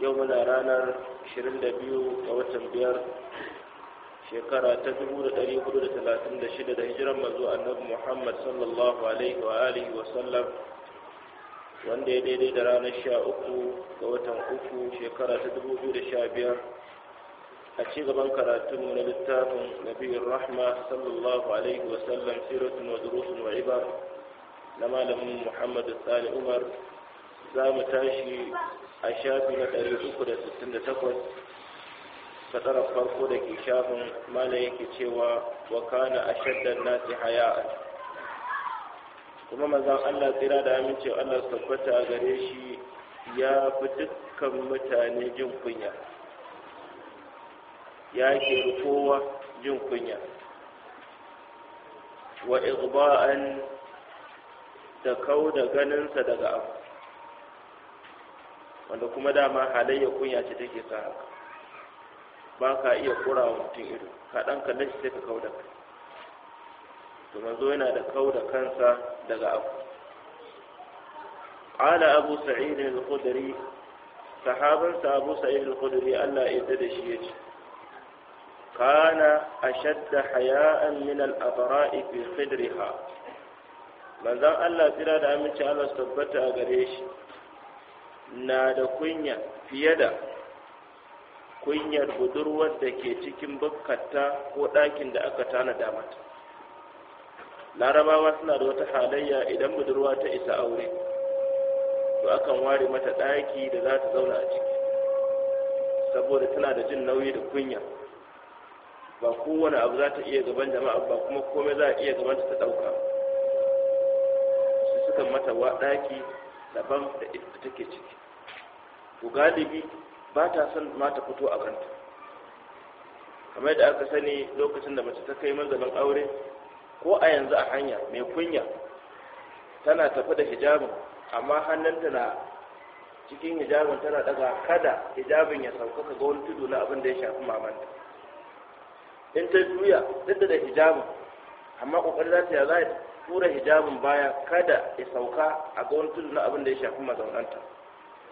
yau muna ranar 22 ga watan biyar shekara ta 1436 da hijiran manzo annabi Muhammad sallallahu alaihi wa alihi wa sallam wanda ya daidai da ranar 13 ga watan uku shekara ta 2015 a ci gaban karatunmu na littafin nabiyar rahma sallallahu alaihi wa sallam siratun wa durusun na malamin Muhammadu Sani Umar za mu tashi a shafi na 368 fatsarar farko da ke shafin mala yake cewa wakana a shaddar nasi haya'a kuma mazan allah tsira da amince allah tabbata gare shi ya fi dukkan mutane jin kunya ya ke kowa jin kunya wa igba'an da kau da ganinsa daga abu wanda kuma dama halayya kunya ce take sa haka ba ka iya kura wa mutum ido ka ɗan kalle shi sai ka kau da kai to manzo yana da kau da kansa daga abu ala abu sa'id al-khudri sahaban sa abu sa'id al-khudri Allah ya yarda da shi yace kana ashadd haya'an min al-abra'i fi khidriha manzo Allah tsira da aminci Allah tabbata a gare shi na da kunya fiye da kunyar budurwar da ke cikin bukata ko ɗakin da aka tanada mata larabawa suna da wata halayya idan budurwa ta isa aure to akan ware mata ɗaki da za ta zauna a ciki saboda tana da jin nauyi da kunya ba kowane abu za ta iya gaban jama'a ba kuma komai za a iya gabanta ta ɗauka su suka mata ɗaki daban da ita take ciki to galibi ba ta son ma ta fito a kanta kamar da aka sani lokacin da mace ta kai manzalin aure ko a yanzu a hanya mai kunya tana tafi da hijabin amma hannunta na cikin hijabin tana daga kada hijabin ya sauka ga wani tudu na abin da ya shafi mamanta in ta juya duk da hijabin amma kokarin za ta yi za tura hijabin baya kada ya sauka a ga wani tudu na abin da ya shafi mazaunanta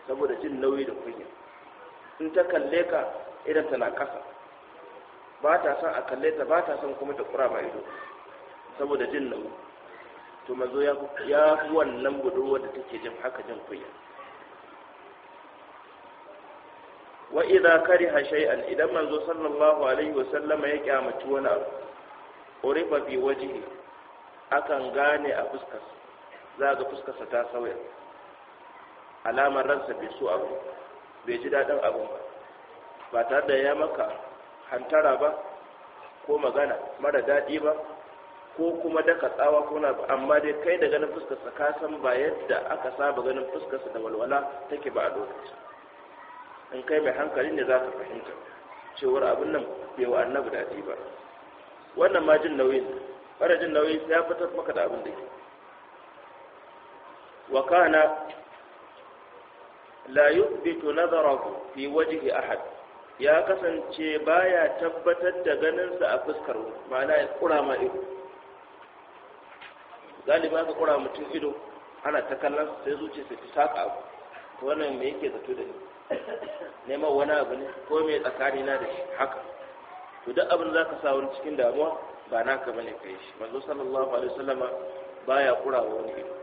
saboda jin nauyi da kunya in ta kalle ka idan tana kasa. ba ta son a kalle ta ba ta son kuma ta kura mai ido saboda jin nauyi to mazo ya ya wannan budurwar da take jin haka jin kunya wa idza kariha shay'an idan manzo sallallahu alaihi wasallama sallama ya kyamaci wani abu urifa fi wajhihi akan gane a fuskarsa za ga fuskarsa ta sauya alamar ransa bai so abu bai ji daɗin abin ba ba tare da ya maka hantara ba ko magana mara daɗi ba ko kuma daka tsawa ko na amma dai kai da ganin fuskarsa ka san ba yadda aka saba ganin fuskarsa da walwala take ba a lokaci in kai mai hankali ne za ka fahimta cewar abin nan bai wa annabi daɗi ba wannan majin nauyin farajin jin nauyi ya fitar maka da abin da ke wa kana la yubitu nadharahu fi wajhi ahad ya kasance baya tabbatar da ganinsa a fuskar ma'ana ya kura ma ido galiba ka kura mutum ido ana ta kallon sai zuciya sai ta saka abu wannan me yake zato da ni neman wani abu ne ko me tsakani na da shi haka to duk abin za ka sa wani cikin damuwa ba na naka bane kai shi manzo sallallahu alaihi wasallama baya kurawa wani ido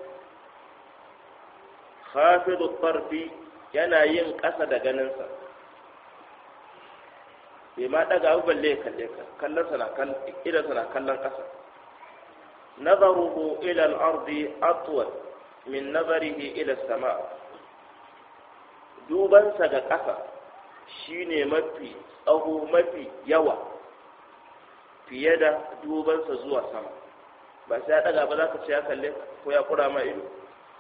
khafidu tarfi yana yin ƙasa da ganinsa bai ma daga abu balle ya kalle ka kallon sana kallon idan na kallon ƙasa nazaruhu ila al-ardi atwal min nazarihi ila as-sama' dubansa ga ƙasa shine mafi tsaho mafi yawa fiye da dubansa zuwa sama ba sai ya daga ba za ka ce ya kalle ko ya kura ma ido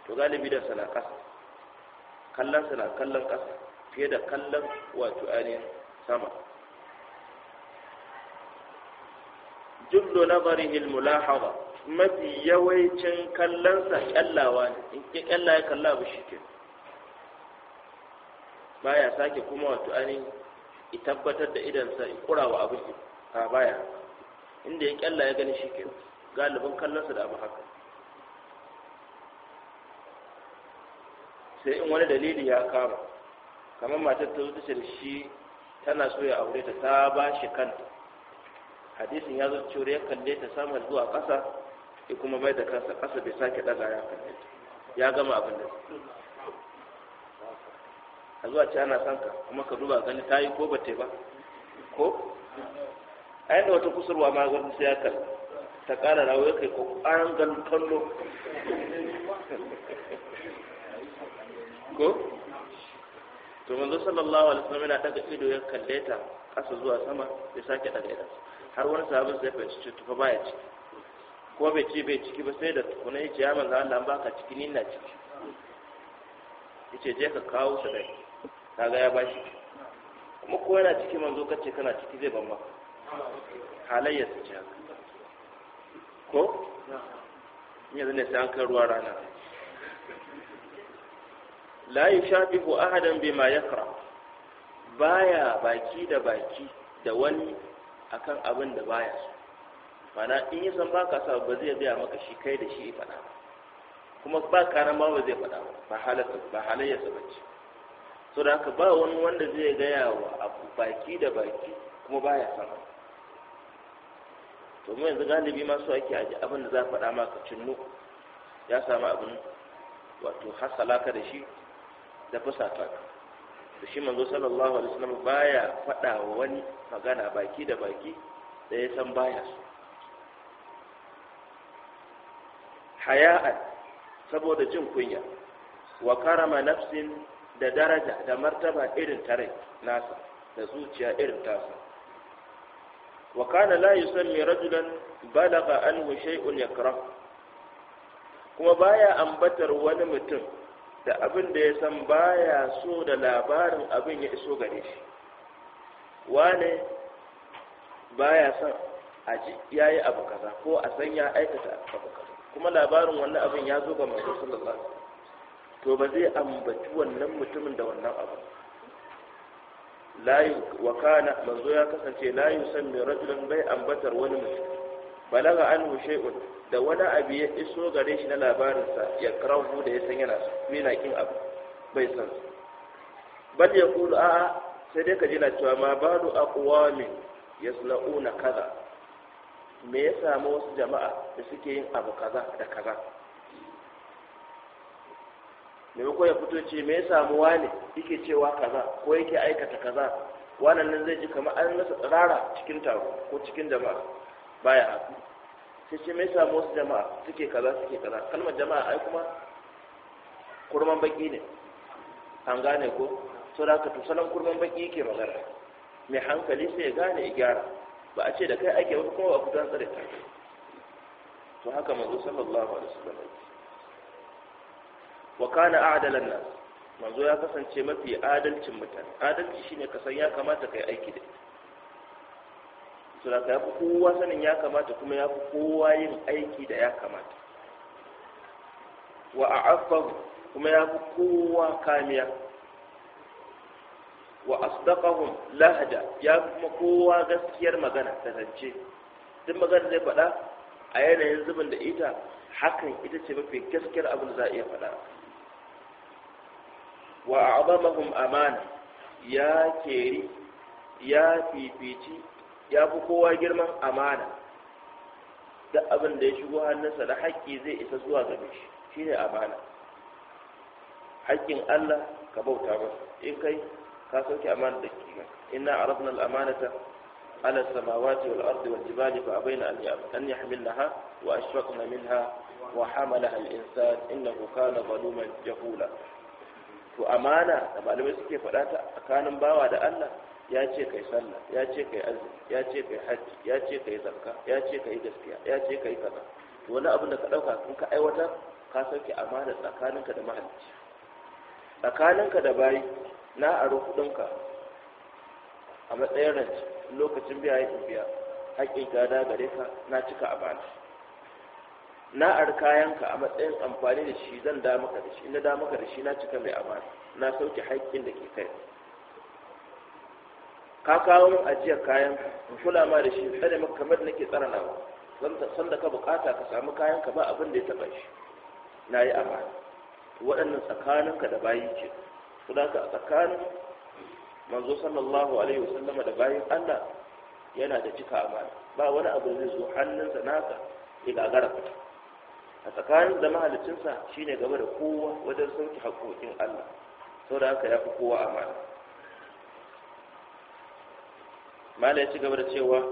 to galibi da sana ƙasa kallon sana kallon kasa, fiye da kallon wato ainihin sama na bari hilmula hawa mafi yawancin kallonsa kyallawa ne in ƙi kyalla ya kalla bu shi ke ya sake kuma wato ainihin i tabbatar da idansa i kura wa ke ba baya haka inda ya kyalla ya gani shi ke galibin kallonsa da abu haka sai in wani dalili ya kama kamar matar ta zuta ce shi tana so ya aure ta ta ba shi kanta hadisin ya zuci wuri ya kalle ta sama zuwa kasa ya kuma mai da kansa ƙasa bai sake ɗaga ya kalle ya gama abin da a zuwa ce ana sanka kuma ka duba gani ta yi ko ba ta ba ko a yadda wata kusurwa ma wani sai ya kan ta ƙara rawo ya kai ƙoƙarin ganin kallo ko to manzo sallallahu alaihi wasallam yana daga ido ya kalle ta kasa zuwa sama ya sake daga ido har wani sabon sai fa ce tufa baya ciki ko bai ci bai ciki ba sai da tukuna ya ce ya manzo Allah an baka ciki ni na ciki yace je ka kawo dai kaga ya bashi kuma ko yana ciki manzo kace kana ciki zai ban maka halayyar ta ce ko yanzu ne sa an kan ruwa rana la yushabihu ahadan bima Ba baya baki da baki da wani akan abin da baya su mana in yi san baka sa ba zai biya maka shi kai da shi fada kuma ba karan ba zai fada ba halatta ba halayya sa bace so da haka ba wani wanda zai gaya wa abu baki da baki kuma baya ya abu domin yanzu galibi masu ake aji abin da za a faɗa maka cinno ya samu abin wato hasala ka da shi da fusata ka da shi manzo sallallahu alaihi wasallam baya faɗa wa wani magana baki da baki da ya san baya su. haya'a saboda jin kunya wa karama nafsin da daraja da martaba irin tare nasa da zuciya irin tasa wa kana la yusammi rajulan balaga anhu shay'un yakrah kuma baya ambatar wani mutum da abin da ya san baya so da labarin abin ya iso gare shi wane baya son a ji yayi abu kaza ko a san ya aikata abu kaza kuma labarin wannan abin ya zo ga manzo sallallahu alaihi wasallam to ba zai ambaci wannan mutumin da wannan abu layu wa kana manzo ya kasance layu san mai rajulun bai ambatar wani mutum balaga an shay'un da wani abu ya iso gare shi na labarinsa ya karahu da ya san yana su yana kin abu bai san su bal ya kulu a? sai dai ka ji na cewa ma badu aqwamin yasla'una kaza me ya samu wasu jama'a da suke yin abu kaza da kaza maimakon ya fito ce me ya samu wane yake cewa kaza ko yake aikata kaza wannan nan zai ji kamar an masa tsarara cikin taro ko cikin jama'a baya haka sai ce me ya samu wasu jama'a suke kaza suke kaza kalmar jama'a ai kuma kurman baki ne an gane ko sau da ka tusalan kurman baki yake magana mai hankali sai ya gane ya gyara ba a ce da kai ake wata kuma ba ku tsare ta to haka mazo sallallahu alaihi wasallam wa kana a'dalan nas manzo ya kasance mafi adalcin mutane adalci shine kasan ya kamata kai aiki da ita to ka fi kowa sanin ya kamata kuma ya fi kowa yin aiki da ya kamata wa a'affahu kuma ya fi kowa kamiya wa asdaqahum lahja ya kuma kowa gaskiyar magana da zance duk magana zai faɗa a yanayin zubin da ita hakan ita ce mafi gaskiyar abin da za a iya faɗa wa a'zamahum amana ya keri ya fifici ya fi kowa girman amana da abin da ya shigo hannunsa da haƙƙi zai isa zuwa gare shi shine amana haƙƙin Allah ka bauta masa in kai ka sauke amana da kima inna arafna al-amanata على السماوات والأرض والجبال فأبين أن يحملنها وأشفقن منها وحملها الإنسان إنه كان ظلوما جهولا to amana da malamai suke faɗa ta tsakanin bawa da Allah ya ce kai sallah ya ce kai azumi ya ce kai hajji ya ce kai zakka ya ce kai gaskiya ya ce kai kaza to wani abu da ka dauka kun ka aiwatar ka sauke amana tsakaninka da mahalicci tsakaninka da bayi na aro kudinka a matsayin rance lokacin biya ya biya haƙƙin gada gare ka na cika amana na ar kayanka a matsayin amfani da shi zan da maka da shi na da maka da shi na cika mai amana na sauke haƙƙin da ke kai ka kawo min ajiyar kayan in kula ma da shi tsare maka kamar da nake tsara nawa san da ka bukata ka samu kayan ka ba abin da ya taba shi na yi amana waɗannan tsakaninka da bayi ke Kula ka a tsakanin manzo sallallahu alaihi wasallama da bayin Allah yana da cika amana ba wani abu zai zo hannunsa naka ya gagara fita a tsakanin da mahalicinsa ne gaba da kowa wajen sauki haƙoƙin Allah sau da haka ya fi kowa mara mala ya ci gaba da cewa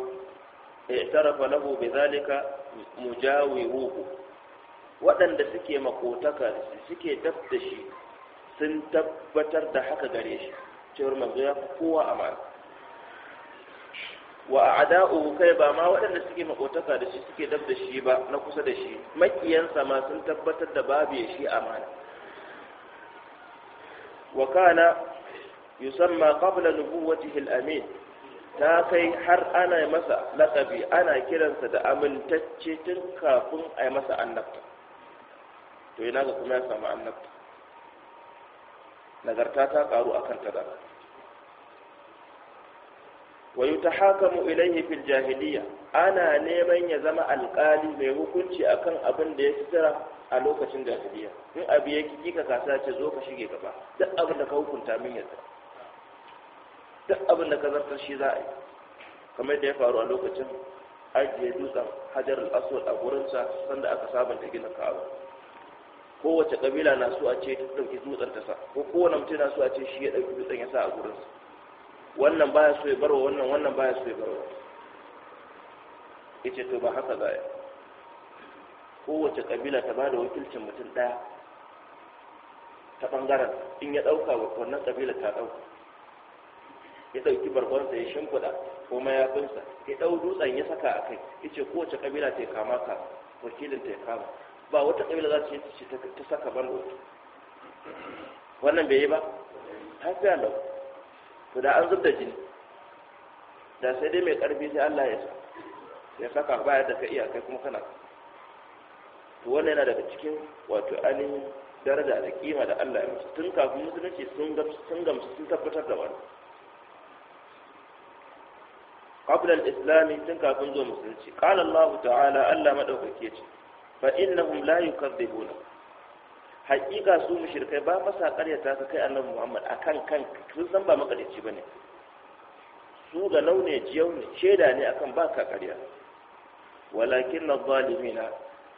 zalika lahu jawi mujawiruhu waɗanda suke makotaka suke daf da shi sun tabbatar da haka gare shi cewar manzo ya fi kowa mara wa a'da'uhu kai ba ma waɗanda suke makotaka da shi suke dab da shi ba na kusa da shi makiyansa ma sun tabbatar da babu ya shi amana wa kana yusamma qabla nubuwwatihi al-amin ta kai har ana masa laqabi ana kiransa da amintacce tun kafin a yi masa annabta to yana ga kuma ya samu annabta nagarta ta ƙaru akan ta da wa mu ilai fil jahiliya ana neman ya zama alƙali mai hukunci akan abin da ya fitara a lokacin jahiliya in abu ya kiki ka kasa ce zo ka shige gaba duk abin da ka hukunta min yadda duk abin da ka zartar shi za a yi kamar da ya faru a lokacin ajiye dutsen hajar aso a gurinsa sanda aka sabanta gina ka'aba kowace kabila na so a ce ta ɗauki dutsen ta sa ko kowane mutum na su a ce shi ya ɗauki dutsen ya sa a gurinsa wannan baya so ya barwa wannan wannan baya so ya barwa yace to ba haka ba kowace kabila ta bada wakilcin mutum daya ta bangaren in ya dauka wannan kabila ta dauka ya dauki barkonsa ya shimfida ko mayafinsa ya dau dutsen ya saka a kai yace kowace kabila ta kama ka wakilin ta ya kama ba wata kabila za ta ce ta saka bando wannan bai yi ba har sai to da an zub da jini da sai dai mai karfi sai Allah ya ya saka baya da ka iya kai kuma kana to wannan yana daga cikin wato ainihin daraja da kima da Allah ya musu tun kafin musulunci sun gamsu sun sun tabbatar da wannan qabla al-islam tun kafin zo musulunci qala Allah ta'ala Allah madaukake ce fa innahum la yukadzibuna haƙiƙa su mushrikai ba masa ƙaryata ka kai annabi Muhammad akan kan sun san ba makarici bane su ga laune jiyau ne sheda ne akan ba ka ƙarya walakin adh zalimina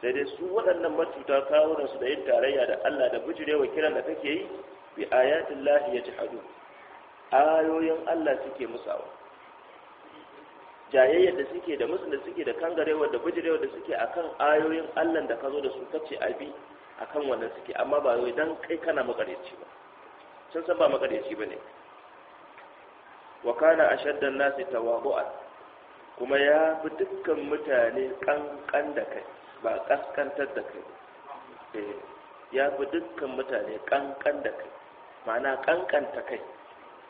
da dai su waɗannan matuta kawo da su da yin tarayya da Allah da bujurewa kiran da kake yi bi ayatin lahi yajhadu ayoyin Allah suke musawa jayayyar da suke da musulun suke da kangarewar da bujirewar da suke akan ayoyin Allah da ka zo da su kace abi akan wannan suke amma ba wai dan kai kana makareci ba sun san ba makareci bane wa kana ashadda an-nasi tawadu'an kuma ya fi dukkan mutane kankan da kai ba kaskantar da kai eh ya fi dukkan mutane kankan da kai ma'ana kankanta kai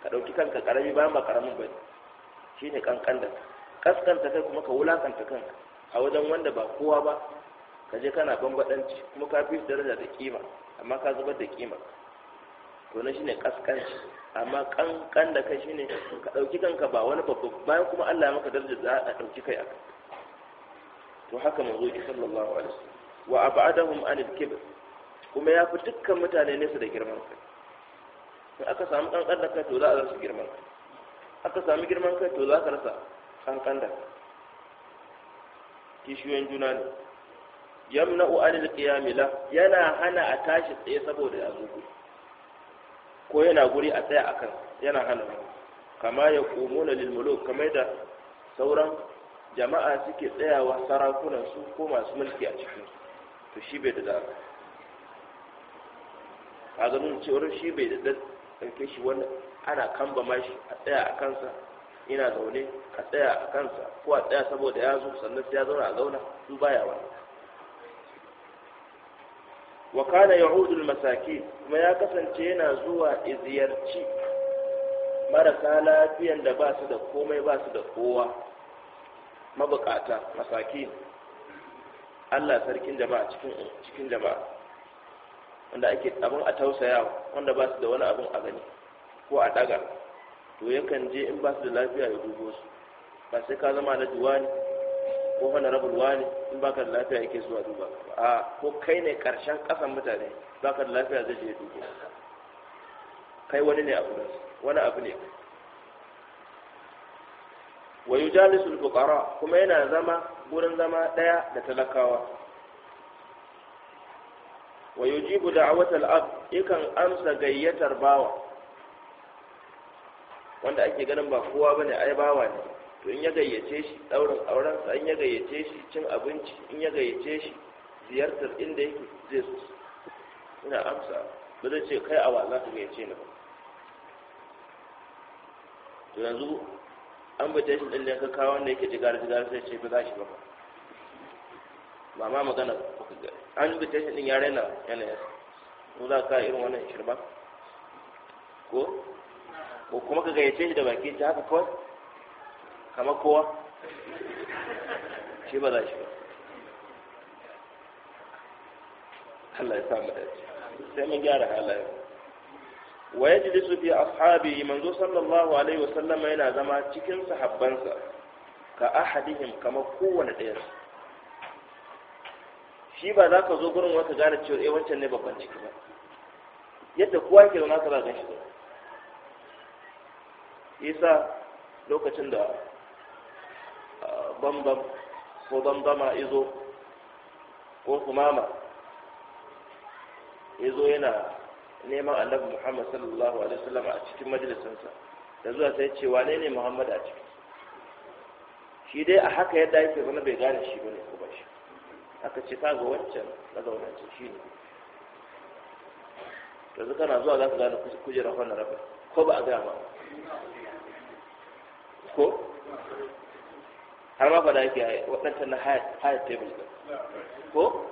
ka dauki kanka karami ba ma karamin shi shine kankan da kai kaskanta kai kuma ka wulakanta kanka a wajen wanda ba kowa ba ka je kana bambadanci kuma ka fi daraja da kima amma ka zubar da kima to na shine kaskanci amma kankan da kai shine ka dauki kanka ba wani babba bayan kuma Allah ya maka daraja za a dauki kai aka to haka manzo ki sallallahu alaihi wasallam wa ab'adahum anil kibr kuma ya fi dukkan mutane nesa da girman kai in aka samu kankan da kai to za a rasa girman kai aka samu girman kai to za ka rasa kankan da kai kishiyoyin juna ne yamna'u anil qiyami la yana hana a tashi tsaye saboda ya zo ko yana guri a tsaya akan yana hana kama ya qumuna lil muluk kamar da sauran jama'a suke tsayawa sarakunan su ko masu mulki a cikin to shi bai da da a ganin cewar shi bai da ɗauke shi wani ana kamba mashi shi a tsaya a kansa ina zaune a tsaya a kansa ko a tsaya saboda ya zo sannan sai ya zauna a zauna su baya wani wa kana ya'udul masaki kuma ya kasance yana zuwa iziyarci marasa lafiyan da ba su da komai ba su da kowa mabukata masakin Allah sarkin jama'a cikin cikin jama'a wanda ake abin a tausaya wanda ba su da wani abin a gani ko a daga to yakan je in ba su da lafiya ya dubo su ba sai ka zama na duwani ko honorable ne. in baka da lafiya yake zuwa duba a ko kai ne karshen kasan mutane baka da lafiya zai je duba kai wani ne abu wani abu ne wa al fuqara kuma yana zama gurin zama daya da talakawa wa yujibu al ab yakan amsa gayyatar bawa wanda ake ganin ba kowa bane ai bawa ne to in ya gayyace shi ɗaurin auren sa in ya gayyace shi cin abinci in ya gayyace shi ziyartar inda yake zai su ina amsa ba zai ce kai awa za ka gayyace ni ba to yanzu an bata shi ɗin da ka kawo wanda yake jigara jigara sai ce ba za shi ba ba ma magana an bata shi ɗin ya raina yanayin ko za ka irin wannan shirma ko ko kuma ka gayyace shi da baki ta haka kawai kamar kowa shi ba za shi ba Allah ya samu dace sai mun gyara halayen wa ya su fi ashabi manzo sallallahu alaihi wa sallama yana zama cikin sahabbansa ka ahadihim kamar kowane ɗaya shi ba za ka zo gurin wata gane cewa eh wancan ne babban ciki ba yadda kowa ke da ka ba gan shi ba isa lokacin da bambam ko bambama izo ko kumama izo yana neman annabi muhammad sallallahu alaihi wasallam a cikin majalisinsa da zuwa sai ce wane ne muhammad a ciki shi dai a haka yadda yake wani bai gane shi bane ko ba shi aka ce ka ga wancan mazaunancin shi ne yanzu kana zuwa za ka gane kujerar wannan rabar ko ba a gaya ba ko har ma faɗa yake waɗancan na higher table ɗin ko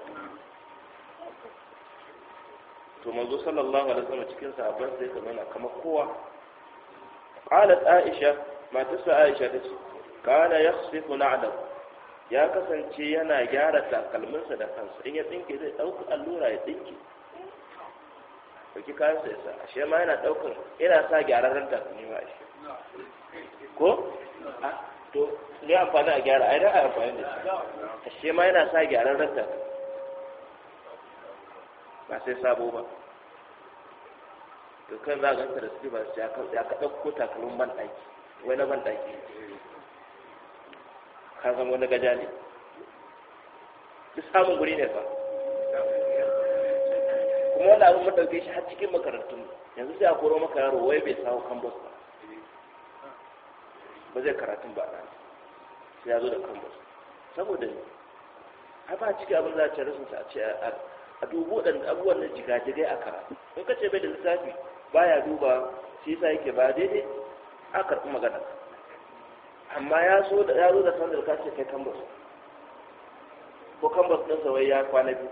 to mazu sallallahu alaihi wasallam cikin sahabban sai ka nuna kama kowa qalat aisha matarsa aisha ta ce kana yasifu na'lam ya kasance yana gyara takalminsa da kansa in ya tsinke zai ɗauki allura ya tsinke ɗauki kayansa ya sa ashe ma yana ɗaukar yana sa gyararren takalmi ma shi ko ah, to ne amfani a gyara ai dan amfani da shi ashe ma yana sa gyaran ranta ba sai sabo ba to kan za ta da su ba su ya ka ɗauko takalmin banɗaki wai na banɗaki ka zama wani gaja ne duk samun guri ne fa kuma wani abin mu ɗauke shi har cikin makarantun. yanzu sai a koro maka yaro wai bai samu kan ba ba zai karatun ba nan sai ya zo da kambas saboda ne har ba ciki abin za a ce rasinsa a ce a dubu waɗanda abubuwan na jigajigai a karatu in ka ce bai da lissafi ya duba sai sa yake ba daidai a karɓi magana amma ya zo da ya zo da sandar ka ce kai kambas ko kambas ɗinsa wai ya kwana biyu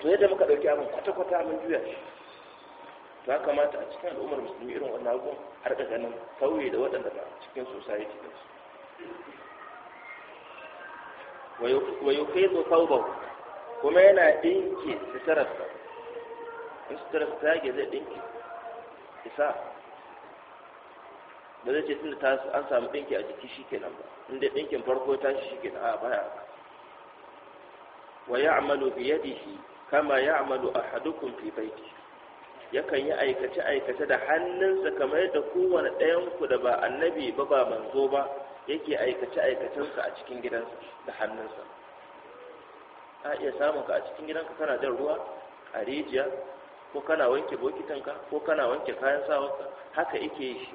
to yadda muka ɗauki abin kwata-kwata mun juya shi ta kamata a cikin al'ummar musulmi irin wannan abubuwan har da ganin sauye da waɗanda ba cikin society da su wa yukhidhu thawbahu kuma yana dinke sitararsa in sitarar ta yage zai dinke isa da zai ce tunda ta an samu dinki a jiki shikenan ba inda dinkin farko ta shi shikenan a baya wa ya'malu bi yadihi kama ya'malu ahadukum fi baitihi yakan yi aikace aikace da hannunsa kamar yadda kowane ɗayan ku da ba annabi ba ba manzo ba yake aikace aikacensa a cikin gidansa da hannunsa a iya samun ka a cikin gidanka kana jan ruwa a rijiya ko kana wanke bokitanka ko kana wanke kayan sawanka haka yake yi shi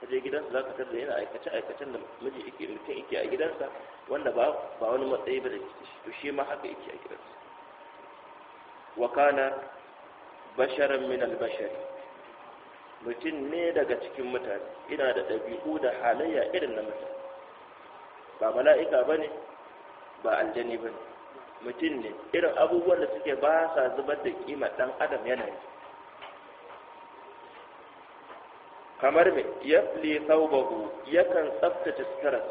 ka je gidansa za ka da yana aikace aikacen da miji yake mutum yake a gidansa wanda ba wani matsayi ba da shi to shi ma haka yake a gidansa wa kana basharan min al mutum ne daga cikin mutane ina da ɗabi'u da halayya irin na mutane ba mala'ika bane ba aljani bane mutum ne irin abubuwan da suke ba sa zubar da kima ɗan adam yanayi kamar mai yafli thawbahu yakan tsaftace sitaras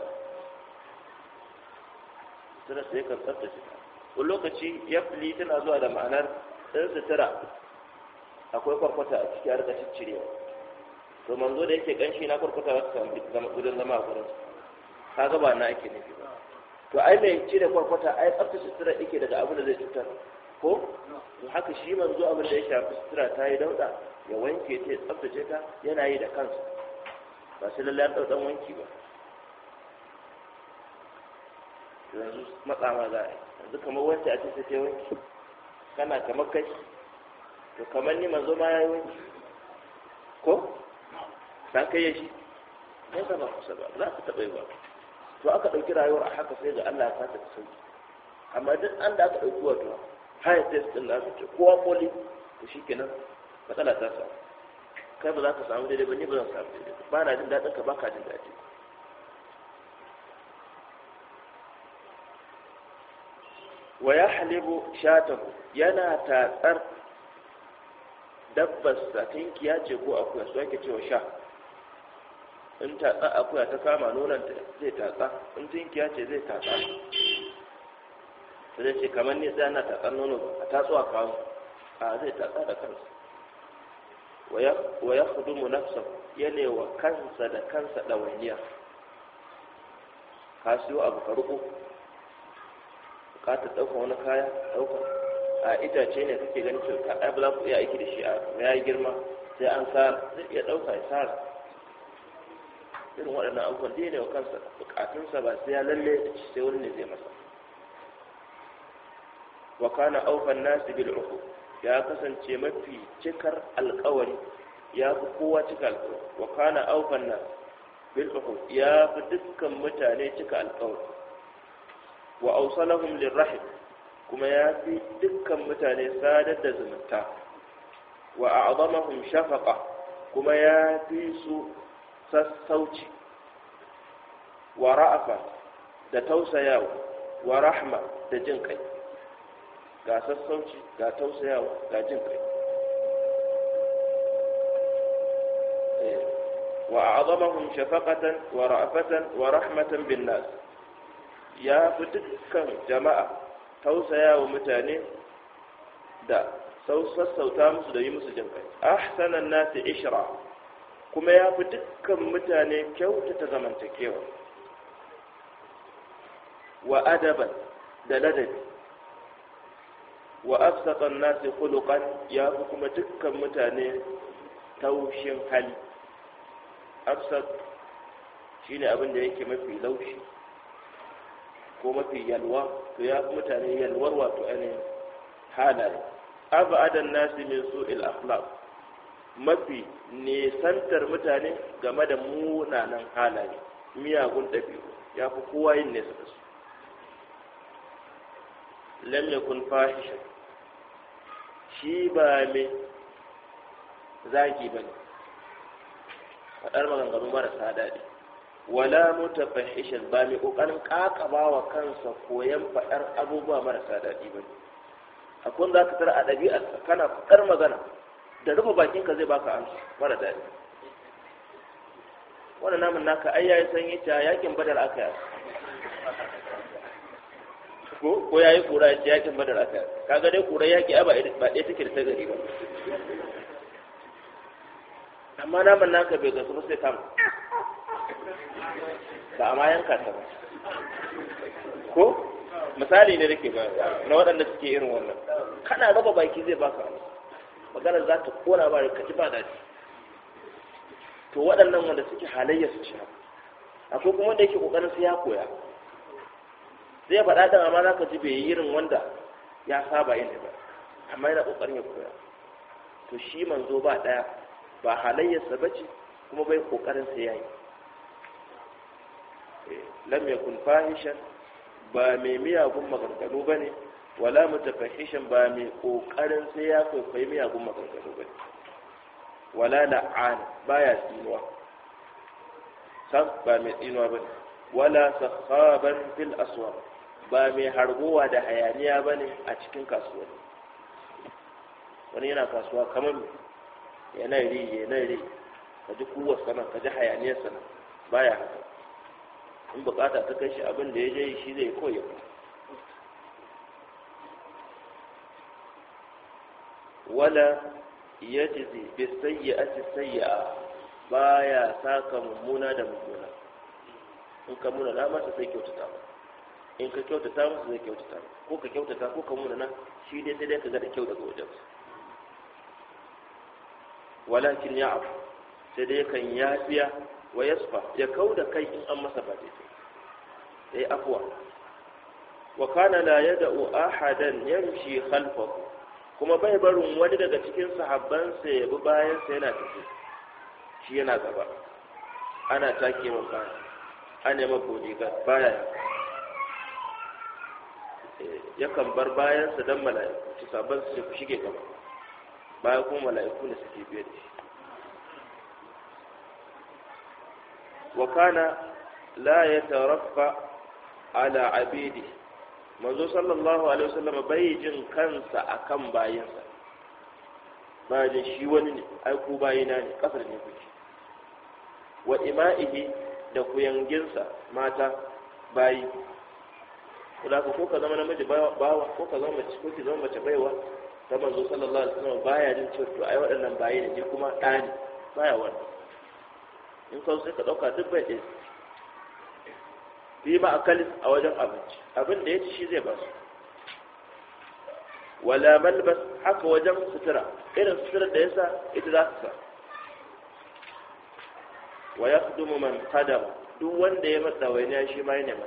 sitaras yakan tsaftace sitaras wani lokaci ya fili tana zuwa da ma'anar ɗan sutura akwai kwarkwata a ciki a rika ciccirewa to manzo da yake ƙanshi na kwarkwata wasu ta zama gudun zama a gurin ka gaba na ake nufi ba to ai mai cire kwarkwata ai tsafta sutura yake daga abin da zai cutar ko to haka shi manzo abin da ya shafi sutura ta yi dauɗa ya wanke ta ya tsabtace ta yana yi da kansa ba sai lallai an ɗauɗan wanki ba yanzu matsawa za a yi yanzu kamar wacce a cikin sai wanki kana kamar kai to kamar ni mazo ma ya yi wanki ko san kai ya shi ne ba kusa ba za ka taɓa yi ba to aka ɗauki rayuwar a haka sai ga Allah ya ta sauki amma duk an da aka ɗauki wato high test ɗin nasu aka ce kowa koli to shi kenan matsala ta samu kai ba za ka samu daidai ba ni ba zan samu daidai ba na jin daɗin ka ba ka jin daɗi wa ya halibu shatahu yana tatsar dabbas ya ce ko akuya su yake cewa sha in tatsa akuya ta kama nonon zai tatsa in ya ce zai tatsa ta zai ce kamar ne tsaye na tatsar nono a tatsuwa kawo a zai tatsa da kansa wa ya mu nafsa yana wa kansa da kansa ɗawainiya ka siyo abu ka ta ɗauka wani kaya ɗauka a itace ne kake ganin to ka ai bala ku iya aiki da shi a ya girma sai an sa zai iya ɗauka ya sa irin waɗannan abubuwan dai ne wa kansa bukatunsa ba sai ya lalle sai wani ne zai masa wa kana aukan nasi bil uku ya kasance mafi cikar alƙawari ya fi kowa cika alƙawari wa kana aukan nasi bil uku ya fi dukkan mutane cika alƙawari wa ausalahum lirrahim kuma ya fi dukkan mutane sadar da zumunta wa a'zamahum shafaqa kuma ya fi su sassauci wa ra'afa da tausayawa wa rahma da jin kai ga sassauci ga tausayawa ga jin kai eh. wa a'zamahum shafaqatan wa ra'afatan wa rahmatan bin nas ya fi dukkan jama'a tausaya wa mutane da sassauta musu da yi musu jinkai ahsanan nasi ishra kuma ya fi dukkan mutane kyautata zamantakewa wa adaban da ladabi wa afsaqan nasi khuluqan ya fi kuma dukkan mutane taushin hali afsaq shine abin da yake mafi laushi ko mafi yalwa to ya fi mutane yalwar wato ainihin halaye adan nasi min il akhlaq mafi nesantar mutane game da munanan halaye miyagun ɗabi'u ya fi kowa yin nesa da su lam kun fahisha shi ba mai zagi bane faɗar maganganu marasa daɗi wala mota mutafahishan ba mai kokarin kakaba wa kansa koyan faɗar abubuwa marasa daɗi ba kun za ka tara a ɗabi'ar kana faɗar magana da rufe ka zai baka amsa mara daɗi wannan namun naka ai yayi sanyi ta yakin badar aka yi ko ko yayi kura ya yakin badar aka yi kaga dai kura yaki ai ba ba ɗaya take da ta gari ba amma namun naka bai gasu ba sai kama ba a ma yanka ta ba ko misali ne nake ba na waɗanda suke irin wannan kana raba baki zai baka maganar za ta kora ba ka ji ba shi. to waɗannan wanda suke halayya su ciya akwai kuma wanda yake ƙoƙarin su ya koya zai faɗa ɗan amma za ka ji bai yi irin wanda ya saba yin ba amma yana ƙoƙarin ya koya to shi manzo ba ɗaya ba halayyarsa ba ce kuma bai ƙoƙarin sa ya yi lam yakun fahishan ba mai miyagun maganganu ba ne wala mutafahishan ba mai kokarin sai ya kwaikwayi miyagun maganganu ba ne wala la'an baya tsinuwa sam ba mai tsinuwa ba ne wala sakhaban fil aswar ba mai hargowa da hayaniya ba ne a cikin kasuwa wani yana kasuwa kamar yana ri yana ri ka ji kuwar sana ka ji hayaniyar sana baya haka in bukata ta kai shi abin da ya je shi zai koya wala ya jizi bi sayyi'ati Ba ya saka mummuna da mummuna in ka muna na masa sai kyautata ba in ka kyautata masa zai kyautata ko ka kyautata ko ka muna na shi dai sai dai ka ga da kyau daga wajen walakin ya'fu sai dai kan yafiya wa yasfa ya kauda kai in an masa ba daidai ya eh, yi afuwa wa kana la yada'u ahadan yamshi khalfahu kuma bai barin wani daga cikin sahabbansa ya bi bayansa yana tafi shi yana gaba ana take mu ba an yi mabudi ga baya eh, yakan bar bayansa don mala'iku ci sabon su ku shige gaba baya kuma mala'iku ne suke biyar da wa kana la yatarafa ala abidi manzo sallallahu alaihi wasallam bai jin kansa akan bayansa ba da shi wani ne ai ku bayina ne kasar ne kuke wa ima'ihi da kuyanginsa mata bayi kula ko ka zama namiji bawa ko ka zama mace ko ki zama mace baiwa ta manzo sallallahu alaihi wasallam baya jin cewa to ai waɗannan bayi ne kuma ɗani, baya wannan in kawai sai ka ɗauka duk bai ɗaya a ma'akalin a wajen abinci abin da ya ci shi zai ba su wala malbas haka wajen sutura irin suturar da ya sa ita za su sa wa ya kudumu man kadam duk wanda ya matsa wani ya shi ma yi nema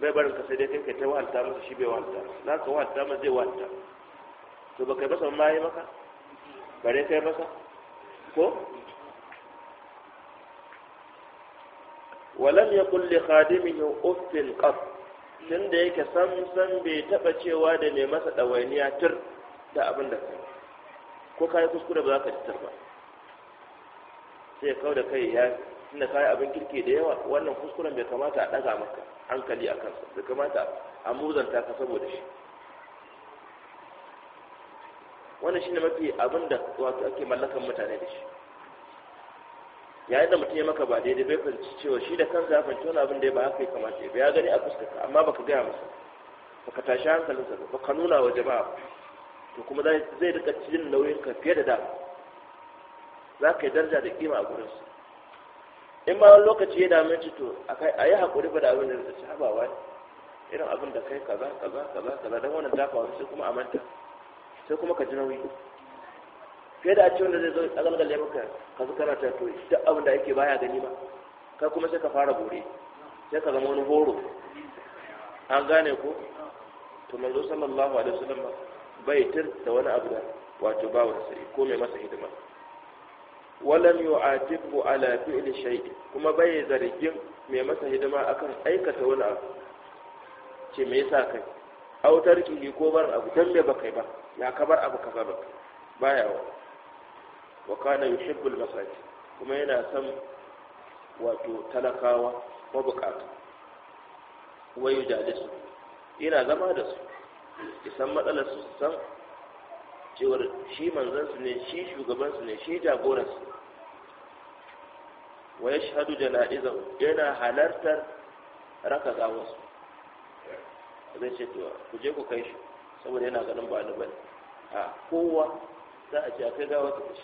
bai barin ka sai dai kai ta wahalta masa shi bai wahalta za ka wahalta masa zai wahalta to ba kai masa ma yi maka bare kai masa ko walam ya kulle khadimihi uffin qaf tun da yake samsan bai taba cewa da mai masa ɗawainiya tur da abin da kai ko kayi kuskure ba za ka tur ba sai kawai da kai ya tunda kai abin kirki da yawa wannan kuskuren bai kamata a ɗaga maka hankali a kansa bai kamata a muzanta ka saboda shi wannan shine mafi abin da wato ake mallakan mutane da shi yayin da mutum ya maka ba daidai bai fahimci cewa shi da kansa ya fahimci wani abin da ba haka ya kamata ya gani a fuskarka amma baka gaya masa baka tashi hankalinsa ba ka nuna wa jama'a to kuma zai rika cikin nauyin ka fiye da dama za ka yi daraja da kima a gurinsa in ma wani lokaci ya dame ci to a yi haƙuri ba da abin da zai ci habawa ne irin abin da kai kaza kaza kaza kaza don wani dafa wani sai kuma a manta sai kuma ka ji nauyi fiye da a ce wanda zai zo a zangale maka ka fi karata to duk abin da ake baya gani ba ka kuma sai ka fara bore sai ka zama wani horo an gane ko to manzo sallallahu alaihi wasallam bai tir da wani abu da wato ba wa sai ko mai masa hidima walam yu'atibu ala fi'li shay kuma bai zargin mai masa hidima akan aikata wani abu ce me yasa kai autarki ko bar abu dan me baka ba ya kabar abu kaza ba baya wa wa kana yuhibbul masaki kuma yana son wato talakawa ya wa su? yana zama da su isan matsalar su san cewar shi su ne shi shugabansu ne shi jagoransu wa ya shahadu yana halartar raka su zai ce to ku je ku kai shi saboda yana ganin ba ni bane a kowa za a ce a kai gawar ka shi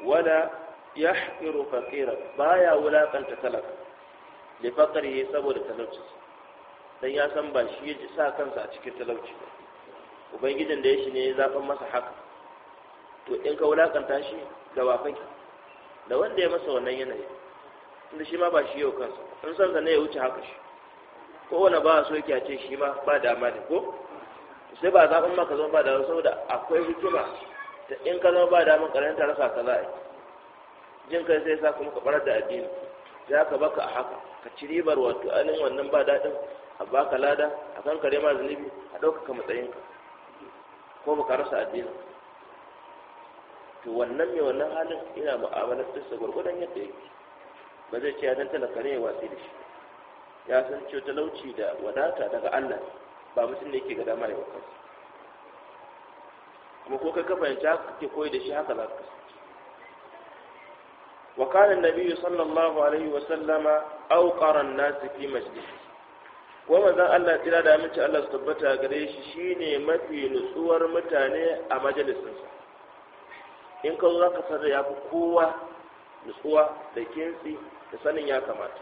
wala yahqiru faqira baya wulakanta talaka li faqrihi saboda talauci dan ya san ba shi ya sa kansa a cikin talauci ubangijin da ya shi ne ya masa haka to in ka wulaƙanta shi da wafan da wanda ya masa wannan yanayi inda shi ma ba shi yau kansa in san zane ya wuce haka shi kowane ba so yake a ce shi ma ba dama ne ko sai ba zafin maka zama ba da saboda akwai hikima in ka zama ba damar ƙaramin ta rasa ka jin kai sai sa kuma ka da addini za ka baka a haka ka ci ribar wato ainihin wannan ba daɗin a baka lada a kan kare ma zunubi a ɗaukaka matsayinka ko ba ka rasa addini to wannan mai wannan halin ina mu'amalar sa gwargwadon yadda yake ba zai ce ya dan talaka ne ya watsi da shi ya san cewa talauci da wadata daga allah ba mutum ne yake ga dama ya ba kai. kuma ko kai ka fahimci haka kake koyi da shi haka za ka wa kana sallallahu alaihi wa sallama an nas fi masjid ko manzon Allah tsira da aminci Allah su tabbata gare shi shine mafi nutsuwar mutane a majalisinsa in ka zo ka sarra ya kowa nutsuwa da kinsi da sanin ya kamata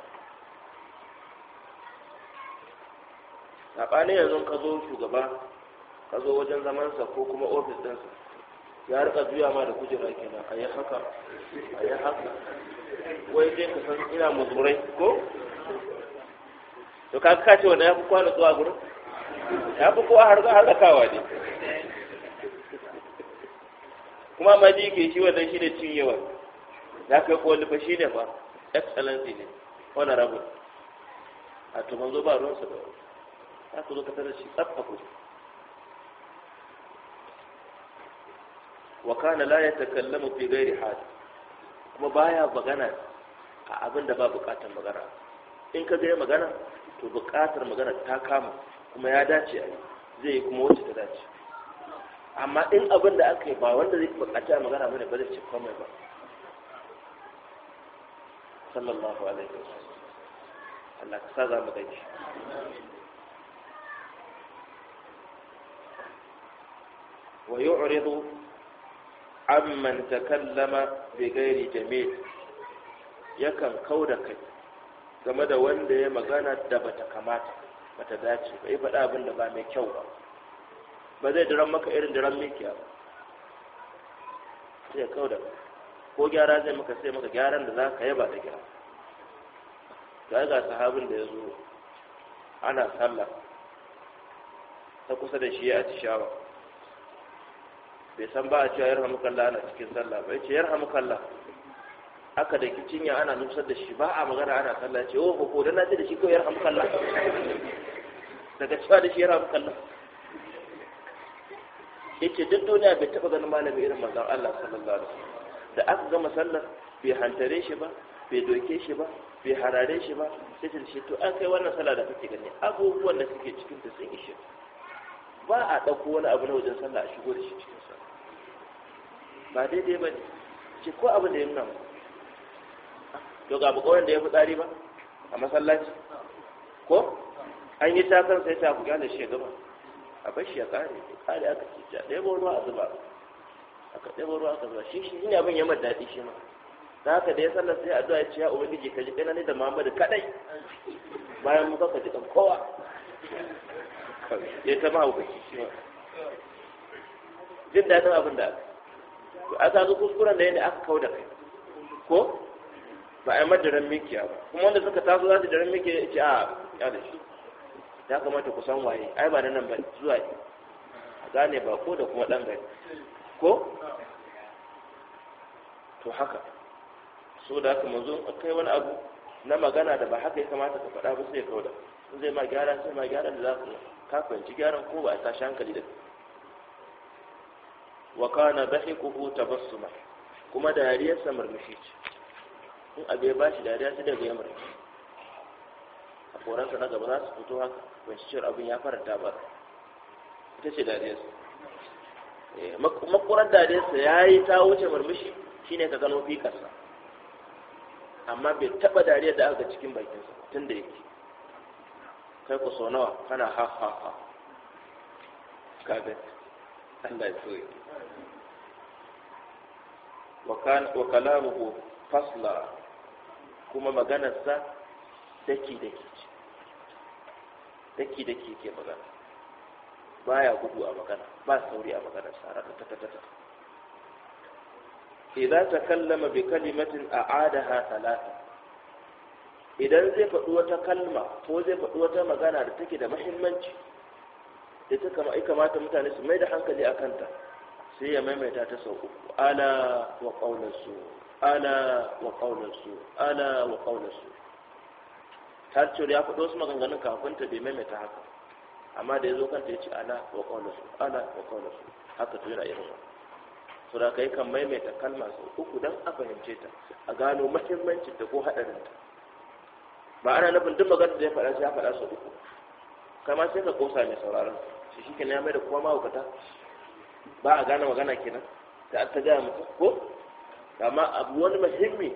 saɓanin yanzu ka zo shugaba ka zo wajen zamansa ko kuma ofis ɗinsa ya rika juya ma da kujera kenan a yi haka a yi haka wai zai ka san ina muzurai ko to ka kace ce ya fi kwana zuwa gurin ya fi kowa har za harkakawa ne kuma ma ji ke shi wannan shi ne cinyewa za ka yi kowani fa shi ne ba excellency ne honorable a to ba ruwansa da wani za ka zo ka tada shi tsaf a kujera wa kana la yatakallamu fi ghairi hali kuma baya magana a abin da ba bukatar magana in ka gaya magana to bukatar magana ta kama kuma ya dace a yi zai yi kuma wacce ta dace amma in abin da aka yi ba wanda zai bukaci a magana mai ba zai ce komai ba sallallahu alaihi wasallam Allah ka sa za mu gaji wa yu'ridu amman takallama bi gairi jami'i yakan kauda kai game da wanda ya magana da bata kamata bata dace bai faɗa abin da ba mai kyau ba ba zai diran maka irin diran mikiya ba sai kauda ko gyara zai maka sai maka gyaran da za ka yaba da gyara ga ga sahabin da ya zo ana sallah ta kusa da shi ya atishawa bai san ba a cewa 'yar hamukalla ana cikin sallah ba yace hamukalla aka da kicin ya ana nusar da shi ba a magana ana sallah ce oh ko dan nace da shi ko 'yar hamukalla daga cewa da shi 'yar Ya yace duk duniya bai taba ganin malami irin manzon Allah sallallahu alaihi wasallam da aka gama sallar bai hantare shi ba bai doke shi ba bai harare shi ba sai ta shi to an kai wannan sallah da kake gani abubuwan da suke cikin ta sun ishe ba a ɗauko wani abu na wajen sallah a shigo da shi cikin sallah ba daidai ba ne ce ko abin da ya nuna to ga bukawar da ya tsari ba a masallaci ko an yi takan sai ta ku gane shi gaba a bashi shi ya kare ya kare aka ce ta ɗaya ruwa a zuba aka ɗaya ruwa aka zuba shi shi ne abin ya mata daɗi shi ma da haka da ya sallar sai zuwa ya ce ya ubangiji ka ji ne da muhammadu kaɗai bayan muka ka ji ɗan kowa ya ta ma hukunci shi ma jin daɗin abin da aka to a zazu kuskuren da yadda aka kawo da kai ko ba a yi madaran mikiya ba kuma wanda suka taso za su daren mikiya ya ce a ya da shi ya kamata ku san waye ai ba nan ba zuwa a gane ba ko da kuma ɗan gari ko to haka so da aka mazo a kai wani abu na magana da ba haka ya kamata ka faɗa ba sai ya kauda zai ma gyara sai ma gyara da za ka kafin ci gyaran ko ba a tashi hankali da wa kana dhahiquhu tabassuma kuma dariyarsa murmushi ce in abu ya bashi dariya sai daga ya murmushi a sa na gaba za su fito haka binciciyar abin ya faranta ba ita ce dariyarsa eh, makurar dariyarsa ya yi ta wuce murmushi shine ka gano sa amma bai taba dariyar da aka cikin bakinsa tun da yake kai ku so nawa kana ha ha ha kaga Allah ya soye wa kalamuhu fasla kuma maganarsa daki daki ce daki daki ke magana Ba ya gudu a magana ba sauri a magana sara ta ta ta idza takallama bi kalimatin a a'adaha thalatha idan zai faɗi wata kalma ko zai faɗi wata magana da take da mahimmanci. da ta kama ya kamata mutane su mai da hankali a kanta sai ya maimaita ta sau uku ala wa ƙaunarsu ala wa ƙaunarsu ala wa ƙaunarsu ta ce ya faɗo su maganganun kafin ta bai maimaita haka amma da ya zo kanta ya ce ala wa ƙaunarsu ala wa ƙaunarsu haka to yana irin wani su da ka yi kan maimaita kalma sau uku don a fahimce ta a gano mahimmancin da ko ta. ba ana nufin duk maganar da ya faɗa sai ya faɗa sau uku kama sai ka ƙosa mai sauraron ta to shi kenan ya mai da kuma mahaukata ba a gane magana kenan ta ta gaya mutu ko amma abu wani muhimmi